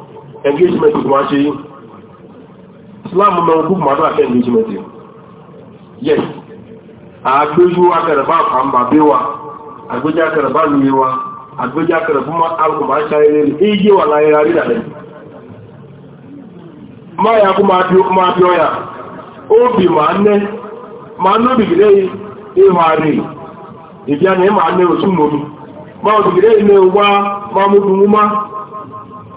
engagement tí wọ́n ṣe yìí bụ mẹ́rin kú màdó àti engagement yes àgbéjú akẹrẹ̀bá àpàmbàbé wa àgbéjú akẹrẹ̀bá lùyẹ wa àgbéjú akẹrẹ̀bá nne àṣà ilé rẹ̀ èyí wà láyé rárí rẹ̀ máa yà kú máa bí ọyà óbì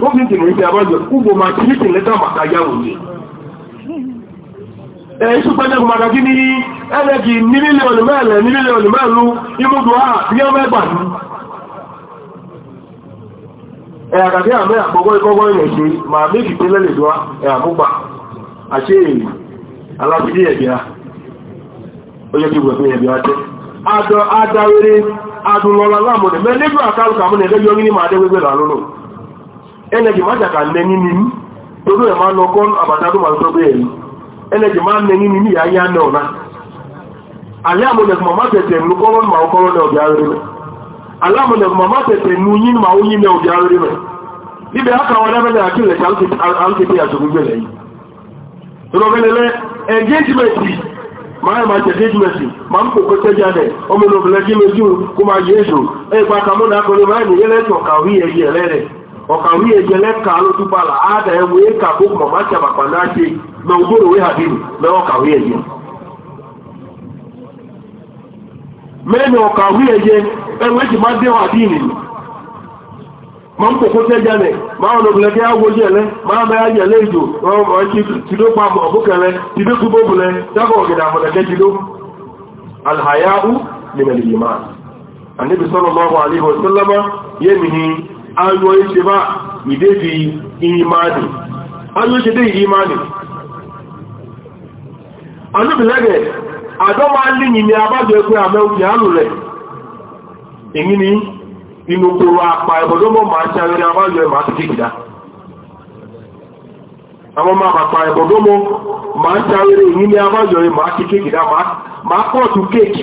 Robinson nwere ike abajọ ugbo ma kiriti leta maka ya nwunye. Ee, ṣùgbọ́n ẹgbẹ̀rún maka gịnị ẹlẹ́gì ní mílíọ̀nù mẹ́lẹ̀ ní mílíọ̀nù mẹ́lú imúdù a ní ọmọ ẹgbà ya Ẹ àgàdé àmẹ́ àgbọ́gbọ́ ìgbọ́gbọ́ ilẹ̀ ṣe ma méjì pé lẹ́lẹ̀ dúwá ẹ àmúgbà àṣẹ èyí alábídí ẹ̀bíà. Ó yẹ kí gbẹ̀gbẹ̀ ẹ̀bíà jẹ́. Adọ̀ adáwere adùnlọ́lá ma mẹ́lẹ́gbẹ̀ ẹnẹ́jì máa jàkà lẹ́ni ní torí ẹ̀ máa lọ kọ́ àbàtàdó máa sọ bẹ́ẹ̀ rí ẹnẹ́jì máa lẹ́ni ní ìyáyá náà náà alẹ́ àmọ́lẹ̀kùnmọ̀ má tẹ̀tẹ̀ nù kọ́rọ́nù máa kọ́rọ́nù ọ̀dẹ̀ arẹ́rẹ́ mẹ́ alẹ́ àmọ́lẹ̀kùnmọ̀ má tẹ̀tẹ̀ nù yín máa yín mẹ́ ọ̀dẹ̀ arẹ́rẹ́ mẹ́ ibẹ̀ ákàwọn ẹlẹ́mẹ́lẹ́ àkílẹ̀ alùpẹ̀tẹ̀ àṣògbùgbẹ̀ lẹ́yìn rọ̀bẹ̀lẹ́lẹ́ engagement tẹ́jà rẹ̀ ọmọ ìlú obìnrin kí lójú kó máa yé èso ẹgbà kàmúnà akọrin máa nìyẹ́lẹ́tọ̀ kàwí ẹ̀yẹ rẹ̀ ọka nwunye jele ka alụtụbala ada enwee ka bụ mama chabakwa na achị na ụbụrụ onwe ha biri na ọka nwunye je mee na ọka nwunye je ma mkpokote jane ma ọ nọbụla gị agwọ jele ma amagha jele ido ọchị tido kpa ma ọbụkele tido kubo bụle daga ọgịda abụlege an yi shi ba imani an yi shi dai imani anúbì lẹ́gẹ̀ àdọ́mà lìyìn ni abájọ ẹgbẹ́ àmẹ́òkè àánú rẹ̀ èyí ni inú kòrò àpà ẹ̀bọ̀dọ́mọ̀ máa ṣe arẹ́rẹ́ abájọ ẹ̀mà àti àwọn ẹ̀bọ̀dọ́mọ̀ máa máa kéèkì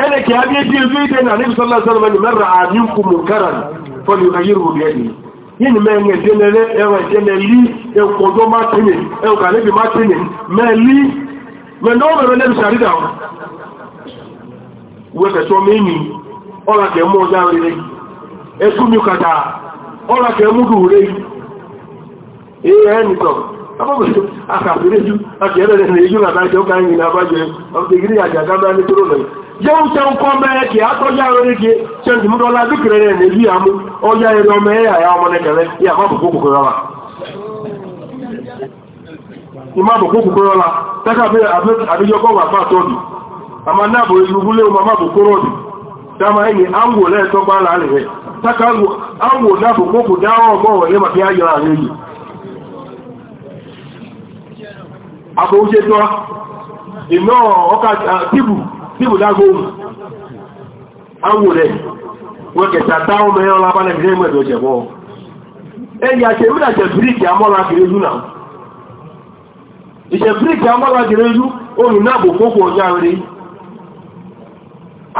أنا كهذه a أن النبي صلى na عليه وسلم مر عليكم منكرا فليغيره بيده yìí mẹ́ ẹ̀yẹ jẹ́lẹ̀lẹ́ ẹwà ìjẹ́lẹ̀ lí ẹ̀kọ̀dọ́ máa tẹ́lẹ̀ ẹ̀kọ̀ àlẹ́bì máa tẹ́lẹ̀ mẹ́ lí mẹ́lọ́wọ́mẹ́rẹ́ lẹ́bì sàrídà wẹ́fẹ̀tọ́ mẹ́ni ọ́rakẹ̀ mú ọjá rere ẹkùnmí kàtà ọ́rakẹ̀ múdù rẹ̀ ẹ̀yẹ ẹnìtọ̀ jẹ́wọ́sẹ́ ń kọ́ mẹ́rẹ́ kì á tọ́já orí kí ṣẹ́ntì mú dọ́lá dúkìrẹ́ rẹ̀ nìbí àmú ọjá ẹ̀rọ ya ya àyà ọmọ nẹ́kẹ̀rẹ́ ìyàmọ́bùkú kòkòrò wa ìmọ́bùkú kòkòrò wa tẹ́kà bí àbíjọ́kọ́ wà bá ẹni lẹ́ẹ̀tọ́gbà láàrin rẹ̀ dáwọ́ ọgbọ́wọ̀ màfí tọ́ ìná ọkà tíbù níbùdágó o wọ́n kẹta táwọn mẹ́rin ọlábánà ìrìn mẹ́rin ọjẹ̀bọ́ ẹni àti ìmìnàjẹ̀ bíríkì amọ́lágìrẹ́jú náà ìṣẹ̀ bíríkì amọ́lágìrẹ́jú olùnáàbò kókò na rí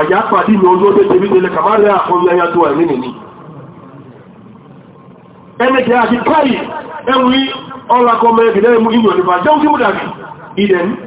àjápàdé ní ojú ọdẹ́ tèmi tẹ́lẹ̀ kàmárẹ́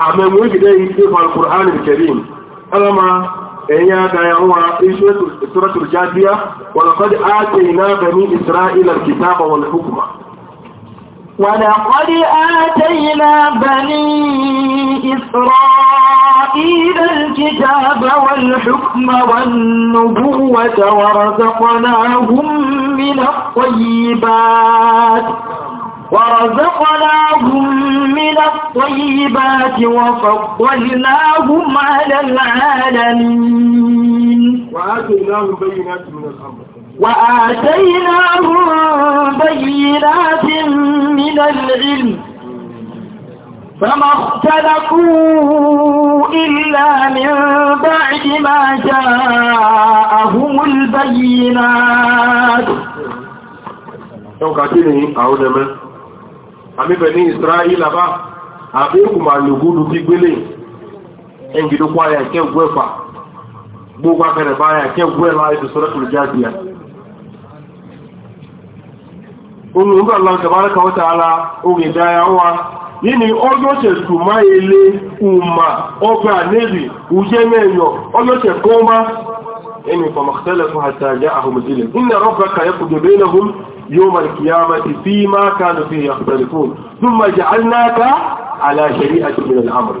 أما موجدين في القرآن الكريم أما إنيا دايروا في سورة الجادية ولقد آتينا بني إسرائيل الكتاب والحكمة ولقد آتينا بني إسرائيل الكتاب والحكم والنبوة ورزقناهم من الطيبات ورزقناهم من الطيبات الطيبات وفضلناهم على العالمين وآتيناهم بينات من الأمر وآتيناهم بينات من العلم فما اختلفوا إلا من بعد ما جاءهم البينات Yau ka ce ne a wunan mai, a mifani àbí ìkùmàlù gúdù bí gbélé ẹnjìdókò ayà kẹ gbé fà gbogbo akẹrẹ bá ayà kẹ gbé láì tó sọ̀rọ̀ tó já bìíyà. ohun ìgbà lọ kẹbàrẹ ala ohun ìdáyà wa nínú ọjọ́ ṣètù má ùmà ọgbà nébì ùjẹ́ mẹ́yọ ọjọ́ ṣèkọ́ má ẹni ị fún يوم القيامة فيما كانوا فيه يختلفون ثم جعلناك على شريعة من الأمر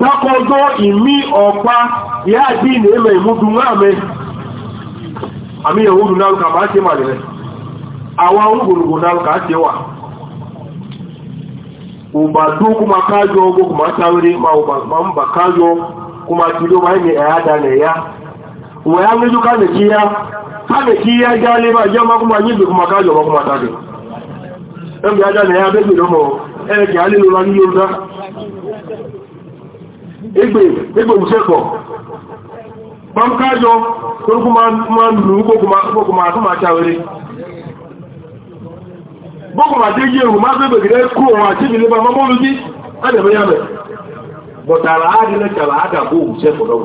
تقضوا إمي أوبا يا دين إما يمودوا نامي àmì ìhúrù náà kà máa ṣe máa rẹ̀ àwọn ohùgbòrògbò náà kà ṣe wà òbàdó kuma kájọ ogbó kuma sáré ma ń bà kájọ kuma tìló máa ń ní ẹ̀yà dánẹ̀yà wọ́n ya méjú káàkiri kí yá já lé bá jẹ́ mọ́kúnmọ́ ní ìgbèkúnmọ́ káàjọ mọ́kúnmọ́ tàbí ẹgbì ajá ni ya bẹ́gbẹ̀ lọ́mọ ẹ̀ẹ́kì alélọ́lá ní yorùbá ìgbè ìgbèmùsẹ́kọ̀ bọ́mkájọ torúkú máa ń lù kókùnmọ́ àtúnmà ṣàwẹ́rẹ́ bọ́kùnmọ́ àti yẹ́ òun máa bẹ́gbẹ̀ gẹ́gẹ́ kú òun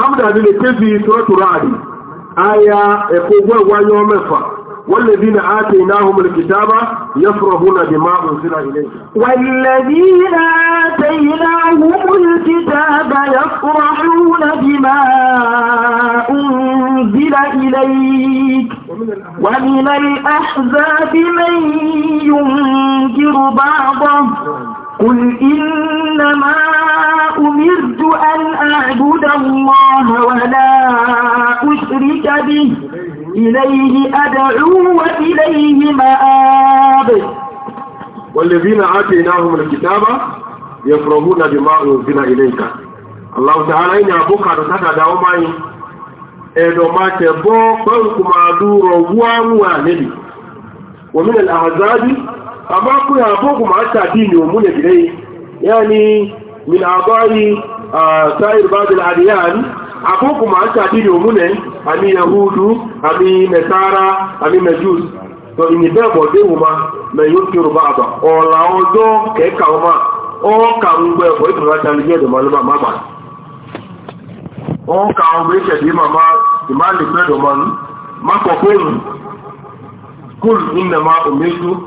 amúdà ní lè ké fi sọ́tù ráàdì aya ẹ̀kọ́ ogún mẹ́fà والذين آتيناهم الكتاب يفرحون بما أنزل إليه والذين آتيناهم الكتاب يفرحون بما أنزل إليك ومن الأحزاب من ينكر بعضه قل إنما أمرت أن أعبد الله ولا أشرك به إليه أدعو وإليه مآب والذين آتيناهم الكتاب يفرغون بما أنزل إليك الله تعالى إن أبوك أتسكى دعومي ẹ̀dọ̀ máa tẹ̀bọ́ pẹ́ǹkù máa dúró ومن الأعزاب ambapo yanapoku hata dini umune bilei yani min adai sair baadhi al-adiyan apoku hata dini umune ami yahudu ami nasara ami majus so inibebo deuma mayunkiru baba ola ojo keka uma o ka ngbe ko itu rata nje do maluma mama o ka o meche di mama imani pedo man makokun kul inna ma umitu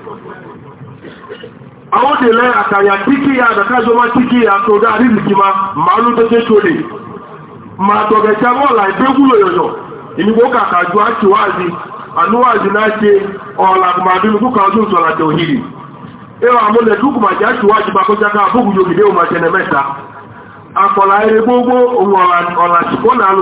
àwọn òdèlẹ́ àtàyà kíkí àdàkájọ máa kíkí àtọ̀dá àrílìkí ma máa ló tó tẹ́tò lè máa tọ̀gẹ̀ tí a mọ́ ọ̀là ìgbégúlò yọ̀yọ̀ ìnigbó kàkàjọ àṣìwáàzì àníwáàzì náà ṣe ọ̀là àgbàdínú kúkà ọdún sọ̀rọ̀ àjọ òhìrì ẹwà àmúlẹ̀ dúkùmàjá àṣìwáàjì bá kọjá ká àbúkùjọ òmìnir òmàṣẹ́nẹ mẹ́ta àpọ̀là eré gbogbo ohun ọ̀là ṣìkọ́ náà ló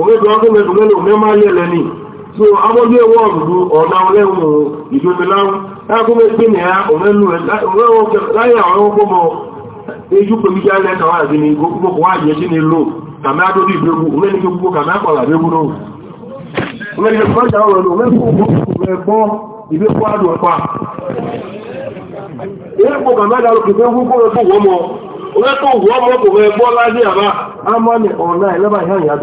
onwebe ọkụ mebugala omemali eleni so abọghị ewu ọgụgụ ọnaole ụmụ idobelanwụ na ya onweahịa ọrụkwụ bụ ejupụgidele ka nwaanyị na igbo kpụkpọ nwaanyị echi n'elu ka ma adọba ibegwu omenike kpụkpọ ó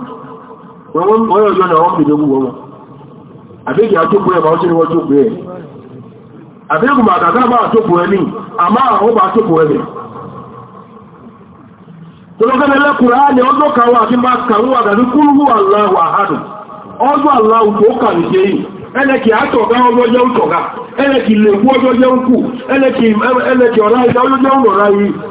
wọ́n yóò yọ́nà wọ́n pèdè gbogbo wọn àbíkì àjókòó a máa ṣe wọ́n jókòó ẹ̀ àbíkù máa kàkà máa jókòó ẹ̀ ya àmá àwọn bá jókòó ẹ̀ tọ́lọ́gẹ́lẹ́ lẹ́kùnrin á ní ọjọ́ kàwọ́ àti máa kàwọ́ àdàbí aláwọ̀ ọjọ́ aláwọ̀ tó kà ní yìí ẹlẹ́kì àtọ̀gá ọjọ́ jẹ́ ọjọ́ jẹ́ ẹlẹ́kì ọ̀rá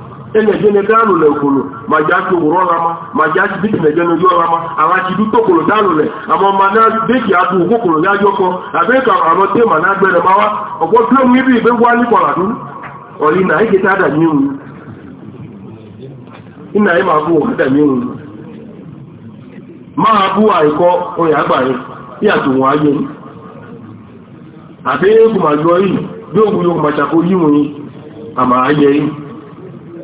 ene jene dano le okolo majachi wuro lama majachi biki na jene yo lama alachi du tokolo dano le ama mana deki adu okolo ya yoko abe ka ama te mana gbere mawa ogbo tlo mi bi be wa ni kola du oli na ike ta da ni wu ina e ma bu o da ni ma bu aiko o ya gba yin ya tu wa yin abe ku ma jo yi do wu yo ma ta ko yi wu yin ama aye yin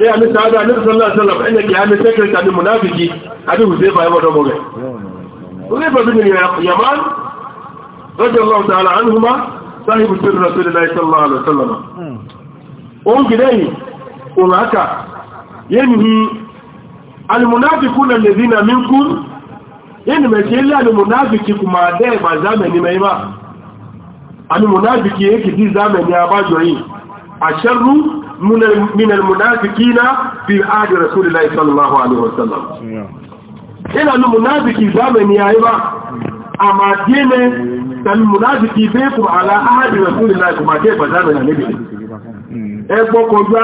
ṣe àmì sàádà àníbi sọ́lá sọ́lá ẹ̀yẹ kìí àmì sẹ́kẹ̀rẹ̀tì àti mùnáfìkì àti hùsẹ́fà ẹwọ́dọ̀ mọ́gẹ̀ hùsẹ́fà bí nìyà yàmán lọ́jọ́ lọ́wọ́ tààlà àníhùmá sáhìbù sí rasulillah sallallahu alaihi wasallam òun gidẹ́yìn òun aka yẹ́nìí almunafikuna lèzínà minkum yẹ́nì mẹ́sí ilé almunafiki kù máa dẹ́ ìgbà zámẹ̀ ní mẹ́imá almunafiki yẹ́ kìí zámẹ̀ min almunafikina fi ahdi rasulillahi sallallahu alaihi wasallam ina lu munafiki zamani yayi ba amma dine dan munafiki be ku ala ahdi rasulillahi kuma zamani ne bi ẹgbọ́ kọjú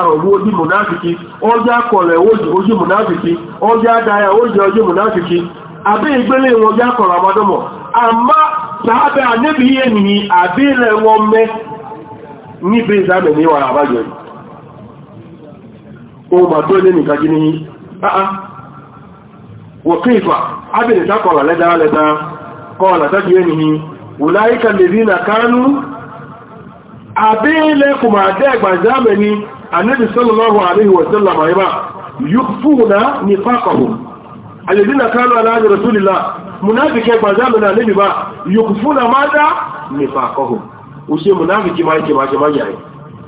ọ̀wọ́ ojú mùnáfikí ọjọ́ akọ̀rọ̀ ojú mùnáfikí ọjọ́ adáyà oúnjẹ ojú mùnáfikí ìgbélé wọn jẹ́ àmọ́dọ́mọ̀ àbí wọn mẹ́ níbi ní ohun àtó ilé nìkan jí ní àá wọ̀kí ìfà ábìnrin sákọ̀ọ̀rọ̀ lẹ́dára lẹ́dára kọ́ọ̀lá sájú ẹni ni wùláríkà lè rí na kánú àbílẹ̀ kùmà dẹ́gbà jámẹ́ ni anẹ́bì sọ́lọ́lọ́rùn àríhì wọ̀sẹ́lá màíbà yúfúnà ní fákọ̀hùn alẹ́dínà kánú aláàjẹ́ rasulillah munafikẹ́ gbà jámẹ́ na anẹ́bì bá yúfúnà má dá ní fákọ̀hùn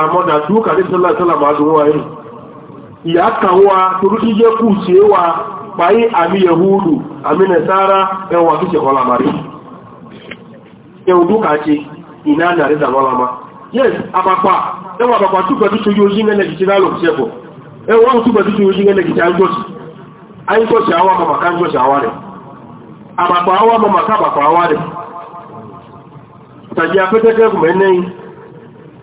àmọ́ dàdú kàdé sọ́lá sọ́lá máa dùn wáyé ìyá kan wá torí tí jẹ́ kù sí wa pàyí àmì yahudu àmì nasara ẹwà tó ṣe ọlámarí ẹwùdú kàáṣe ìná àdàrí yes apapa ẹwà àpapà túbẹ̀ tó ṣojú ojú ilẹ̀ kìí lálò ṣẹ́bọ̀ ẹwà túbẹ̀ tó ṣojú ilẹ̀ kìí ájọ́sì ájọ́sì àwọn mọ̀mọ̀ kájọ́sì àwọn rẹ̀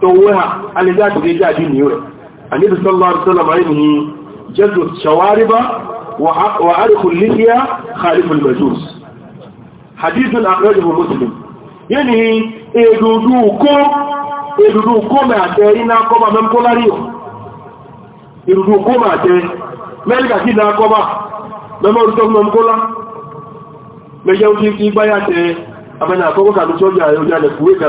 ɗauwa alizafi zai jadi ne yau annabi sallallahu alaihi wasallam ayi ne jazzu shawariba wa arkhul lihiya khaliful majus hadithun akhrajahu muslim yani edudu ko edudu ko ma te ina ko ma mem ko lariyo edudu ko ma te mel ka ki na ko ba mem o to mem ko la me je o ti ki ba ya te abana ko ka lu soja yo ja le kuwe ka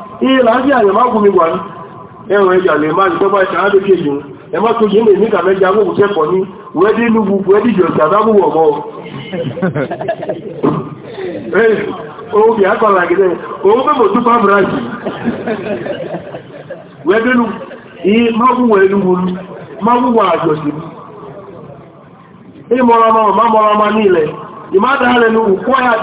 e láti àyẹ̀má gùn mi wà ní ẹ̀rọ ẹ̀yà lè máa ìjọba ìṣàn àdókèjì ẹ̀má tó yìí lè nígbà mẹ́jọ agbóhùn sẹ́kọ̀ọ́ ní wẹ́dí inú gbogbo ẹ̀dí ìjọ ìgbàdágbòwò ọmọ ohun kìí akọ̀lá ní ilẹ̀ ìmádáhálẹ̀ ní òkú ayá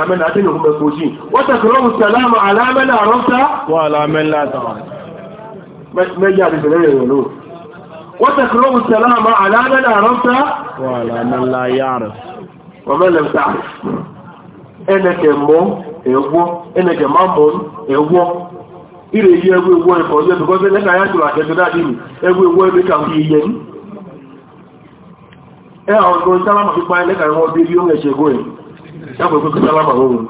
àmẹ́nà àtẹ́yìn òkú mẹ́kọ̀ọ́ jì wọ́n tẹ̀kọ̀lọ́wù sàlámù àlámẹ́nà àrọ́ta wọ́n àlámẹ́nà àtàwọn mẹ́jì àdìsẹ̀lẹ́ rẹ̀ rẹ̀ lóò wọ́n tẹ̀kọ̀lọ́wù sàlámù àlámẹ́nà àrọ́ta wọ́n àlámẹ́nà yára wọ́n mẹ́lẹ̀ sáà ẹnẹ̀kẹ̀ mọ́ ẹ̀wọ́ ẹnẹ̀kẹ̀ má mọ́ ẹ̀wọ́ ire yi ẹgbẹ́ ìwọ́ ẹ̀kọ́ yẹ́ bíkọ́ sí lẹ́kàá yàtò àtẹ́gbẹ́ dáadé mi ẹgbẹ́ ìwọ́ ẹgbẹ́ kàwé yẹ ní ẹ àwọn ọdún sálámà pípa ẹlẹ́kàá ìwọ́n bí i bí ó ń ẹ̀ṣẹ̀gbọ́ ẹ̀ yàgbọ̀ ìgbẹ́kú sálámà oòrùn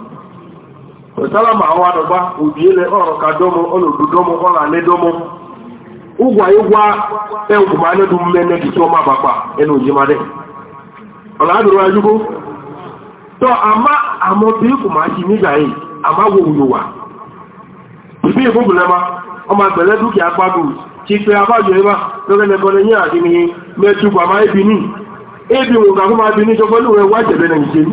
sálámà àwọn adọ̀gbá òdìyẹlẹ ọ̀rọ̀ kàdọ́mọ ọlọ́dọ̀dọ́mọ ọlànẹ́dọ́mọ ugwu anyị gwa ọla adụrụ ajụgo tọ ama ma achị n'iga yi ama gwogwuyowa ibi ibu bụlema ọma gbele dúkìá gbádù chípe abájọ ẹbá lọ́gẹ́lẹ́gọ́lẹ́ ní àdínihì mẹ́tùgbà máa ebi ní ebi wọn gàgbọ́n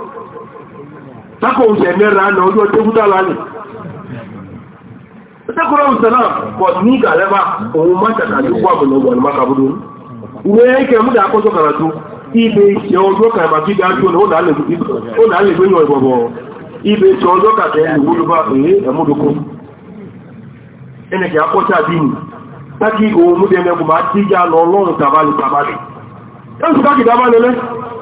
tako oúnjẹ mẹ́ra náà ojú ọjọ́ gúdá lálẹ̀ ẹ̀tẹ́kùnrin ọ̀sẹ̀ náà pọ̀ ní ìgbàlẹ́bà òun má tàkàlù wà mọ̀ lọ́gbọ̀n mákàbúrú ìwé ẹ̀kẹ́ múdà akọ́sọ́ kàràtú ibẹ̀ ìṣẹ́ ọjọ́ kàràmà gíga tó ní ó lálẹ̀ gbéyàn ìbọ̀bọ̀ ibẹ̀ ìṣẹ́ ọjọ́ kàtẹ́ ìwúlùbá èé ẹ̀múdókó ẹnìkẹ́ akọ́sà bínú tákì òun múdẹ̀ẹ́mẹ́kùn bá tíjà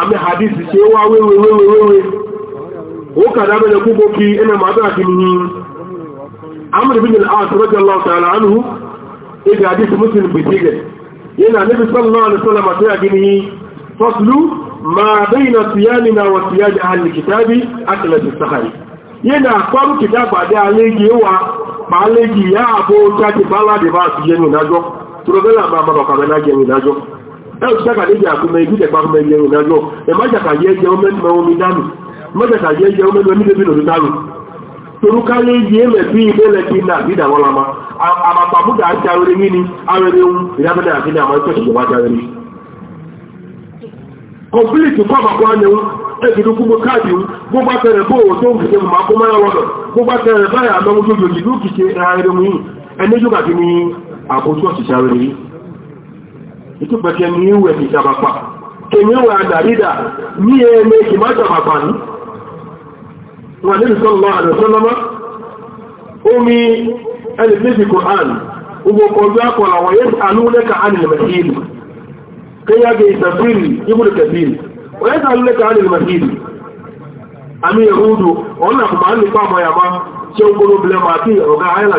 àmì hadith ṣe wá wéwéwéwéwé ó kàdá bẹ̀rẹ̀ púpọ̀ kí ẹnà máa bẹ̀rẹ̀ kí ní amr bin al-as ìgbà hadith muslim bìtígẹ̀ yana nabi sallallahu alaihi wasallam àti àgíní faslu ma bayna siyamina wa a ahli kitabi aklat as-sahari yana kwaru da wa ma ya abu ta bala da ẹ̀rù tí ṣáka níbi àkúmẹ ìgbìjẹ̀pá fún ẹgbẹ̀ ìrìn àjọ ẹ̀májàkà yẹ jẹ ọmọ ẹgbẹ̀ omi dánù májàkà yẹ jẹ ọmọ ẹgbẹ̀ níbi lòdì dánù torúká lé yé mẹ̀bí ìbẹ̀lẹ̀ kí nà bí dàwọn lama àmàpàmúdà àti arẹrẹ yìí ni arẹrẹ ohun ìyábẹ̀lẹ̀ àti ní àmà ìtọ́sí ìjọba jẹ ìtúpẹ̀ kẹmí ìwẹ̀ ìjàbàpà kẹmí ìwẹ̀ àdàrídà ní ẹ̀mẹ́ ìkìmá jàbàpà ní wà ní ìsọ́lọ́ àdẹ̀sọ́lọ́mọ́ omi ẹlẹ́sì kòrán ugbo kọjú akọ̀lá wọ́n yẹ́ alúlẹ́ka anìlmẹ̀hìlì kẹ́yà gẹ̀ ìsàfírì ibùdókẹ̀bìrì wọ́n yẹ́ alúlẹ́ka anìlmẹ̀hìlì àmì ẹ̀húdù ọ̀nà àkùnmá nípa àmọ́yàmá tí ó gbólóbìlẹ̀ máa kí ọ̀gá ayẹ́lá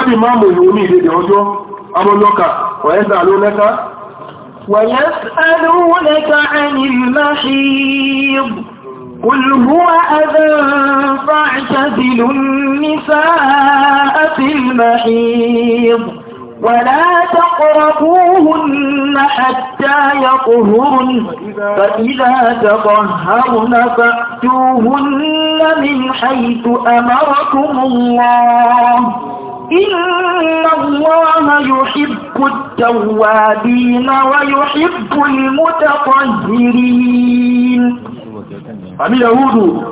alìmọ́mù ìlú ní ìdèdè ọjọ́ ọmọlọ́kà wọ̀yẹ́sà ló lẹ́ta ويسألونك عن المحيض قل هو أذى فاعتزلوا النساء في المحيض ولا تقربوهن حتى يطهرن فإذا تطهرن فأتوهن من حيث أمركم الله إن الله يحب التوابين ويحب المتطهرين أبي يهود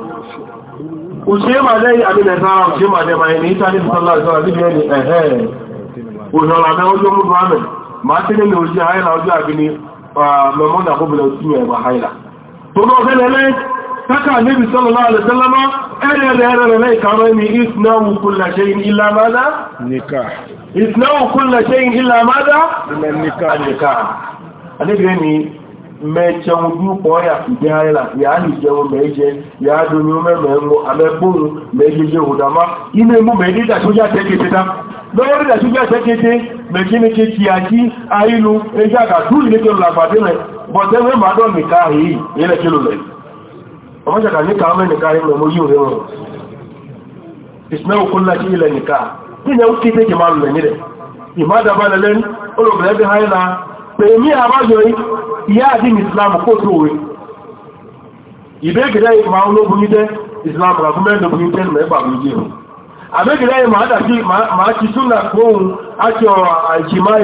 Òṣèmà lẹ́yìn àbílẹ̀ sára òṣèmà lẹ́mà ẹni ìtàlẹ̀ ìsọ́lá ìsọ́lá níbi ẹni ẹ̀ẹ́ òṣèlà náà ọjọ́ mú Mohamed, máa tí nílẹ̀ òṣèlà ọjọ́ àbí ní mẹ́mọ́nà kó bẹ̀rẹ̀ òṣìmẹ̀ ẹ̀bà haìlà. Tó lọ́fẹ́lẹ́lẹ́ kaka nabi sallallahu alaihi wasallama ẹrẹ rẹ rẹ rẹ ìkàrọ ni isnawu kulla shay'in illa madha nikah isnawu kulla shay'in illa madha nikah anabi ni mẹ́jẹun dúpọ̀ ọ̀yà ìgbé àìlà yàá lè jẹun mẹ́jẹ yàá domi mẹ́mẹ́ ń wọ amẹ́gbóhun mẹ́jẹjẹ òdàmá inú imú mẹ́dídà tó yà bọ̀tẹ́wẹ́ màdọ́ nìkáà yìí ilẹ̀ kílò ọmọ ṣàkà níka ọmọ ẹnìká rẹ̀ mọ̀ yíò rẹ̀ wọn ìsìnlẹ̀ òkú ńlá sí ilẹ̀ nìka nínú kí pé kì máa lẹ̀ nílẹ̀ ìmádàbà lẹ́lẹ́ olùbẹ̀rẹ̀ bí haila pèmí àbájọ ìyá àdín islam kó tó wé ìbẹ́gẹ̀rẹ́ ìmá ológun ní jẹ́ islam ràfúnmẹ́lógún ní tẹ́lùmẹ́ ìgbàgbọ́ ìjẹ́ àbẹ́gẹ̀rẹ́ ìmá àdàkí máa ti súnà kóhun àti ọ̀rọ̀ àìjìmáì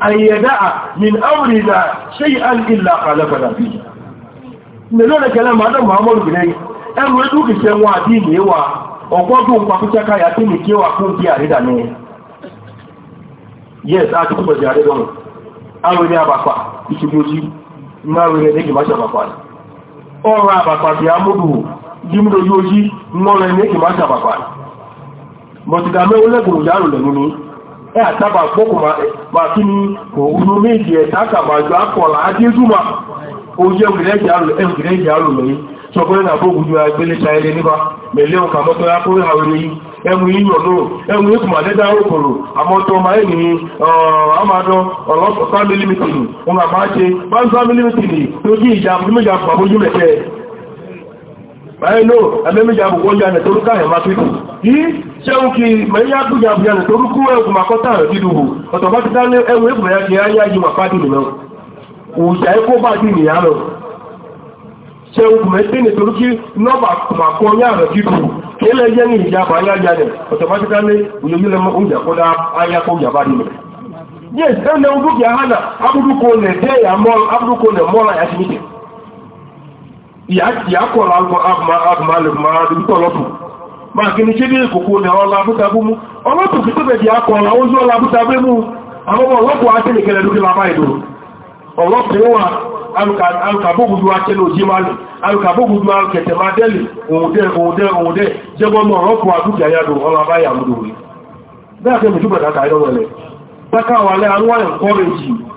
an a min amrina an illa khalafana fi ne lo le kala madan muhammadu bin ai en we du ki wa opo du npa ya kun bi ari da ni yes a ti ko bi ari don ni abapa ikiboji na we ne ki ma sha abapa a abapa bi amudu jimudo yoji mo le ne ki ma sha abapa mo ti da me e àtàbà gbọ́kù ma kí ni òun méjì ẹ̀ta kàbàjọ akọ̀ọ̀lá ajéjúmà e jẹ́ ògìrẹ́jì àrùn lẹ́yìn sọpọ̀lẹ́ nà bó gbùdú agbélé ṣayẹlẹ nípa mẹ̀lẹ́ ọkà mọ́tọ́ akórí ka èyí ẹmù yíyọ lóò ẹmù yíkù mà lẹ́dá òkòrò àmọ́tọ́ ọmọ ènìyàn báyìí ẹ̀mẹ́mẹ́jà àbùkọ́ jà nẹ̀ torúkà ẹ̀ máa pípù yìí ṣẹ́un kí mẹ́yà kújà ma nẹ̀ torúkú ẹ̀kùn makọ́ta rẹ̀ ya hù ọ̀tọ̀ bá ti dá lé ẹwẹ́ ìbùrẹ̀ kí á yá yí wà pàdé nìyàn òòṣà ẹ̀kọ́ bá dì nìyà lọ ṣẹ́un kù mẹ́tẹ́ nẹ̀ torúkí nọ́bà makọ́ yá rẹ̀ dídù hù kí ya kọrọ agụmalụmadụ nke ọlọpụ ma gịnị ṣe ní ìkòkò ní ọlá bútabú mú ọlọ́pù kí pẹ́bẹ̀ di akọ̀ọ̀lá ojú ọlá bútabú mú àwọn ọlọ́pù akẹ́lẹ̀kẹ́lẹ̀ lókè lábá ìdòrò ọlọ́pù wà alùkàbógùdú akẹ́lẹ̀ òjí máa lè ọlọ́pù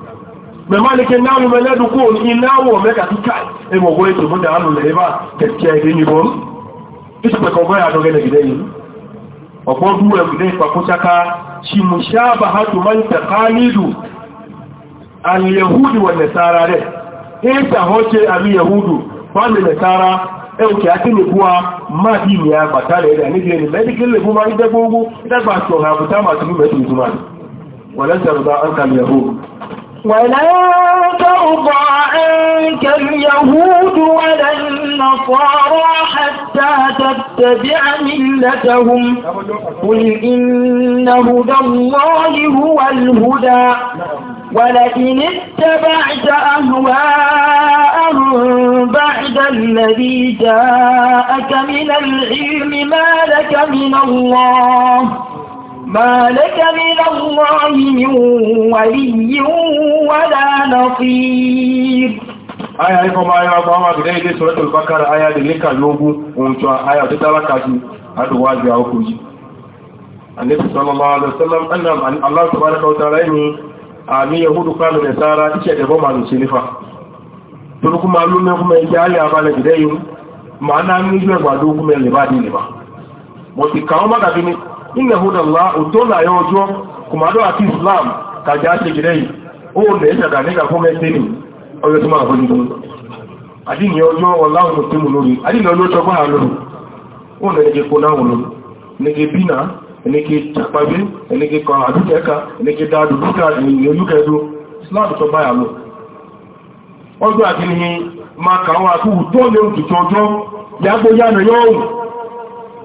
mẹ́málẹ́kẹ́ náà ní mẹ́lẹ́dùkú ìnáwó mẹ́ka kíkà ẹgbọ̀gbọ́ ètò mọ́dà alùlẹ̀ ẹbá kẹ̀kẹ́ ẹgbẹ́ ní bọ́n ìṣẹ̀pẹ̀kọ̀ bọ́yà àdọ́gẹ́lẹ̀ gẹ́gẹ́ yìí ọ̀pọ̀ dúró ẹgbẹ́ ìpàkóṣáká ṣì mú ṣáàbà hàtù mọ́lítẹ̀ káàlìdù al-yahudu wa nasara rẹ̀ ẹ̀ẹ́sà họ́ṣe àmì yahudu fáàmì nasara ẹ̀wùkẹ́ akínlẹ̀kúwa máa ni mẹ́díkínlẹ̀kú ولن ترضى عنك اليهود ولا النصارى حتى تتبع ملتهم قل إن هدى الله هو الهدى ولئن اتبعت أهواءهم بعد الذي جاءك من العلم ما لك من الله ما لك من الله من ولي ولا نصير Aya yìí kọmọ ayá ọgbà wọn àbìdẹ́ ilé sọ́rọ̀tọ̀ ìbákàrà ayá lè lékà lógún ohun tó ayá tó tálákà sí àdúwájú àókò yìí. Annabi sallallahu alaihi wasallam annam Allah subhanahu wa ta'ala ni àmì Yahudu kanu da Sara iṣẹ́ da bọ́mà lè ṣe nífà. Turku ma lume kuma yake ayé abalẹ̀ bìdẹ́ inna hudallah utola yojo na ati islam kaja shigirei o le sada ni ka fome tini oyo tuma ko ni dun adi ni ojo wallahu lori adi ni ojo to ba o le je ko na wolo ne ke bina ne ke ke ko adu ke duka ni islam to ya lo ojo ati ni ma ka wa ku to le o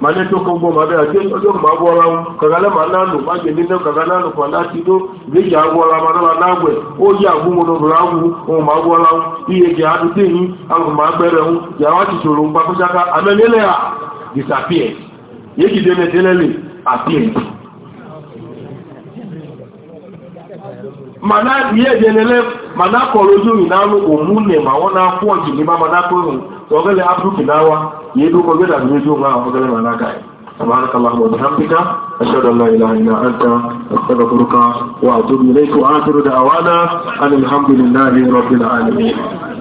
mana ẹjọ́ kan gbọ́n máa bẹ́ẹ̀ àti ọjọ́ kan máa wọ́ra wọn kàkálẹ́ máa nánú má jẹ̀ nínú kàkálẹ́ nánú kan láti dó gbéjà wọ́ra máa náà náàgbẹ̀ ó yí àgbo wọn lọ́dọ̀rọ̀ àwù wọn máa wọ́ra wọn iye jẹ́ àdúgbò yìí àwọn máa gbẹ̀rẹ̀ wọn ti disappear appear. mana mana ma ma mana tsogale abdu kinawa yi duka gida da yi ma a magana mana kai سبحانك اللهم وبحمدك أشهد أن لا إله إلا أنت أستغفرك وأتوب إليك وآخر دعوانا أن الحمد لله رب العالمين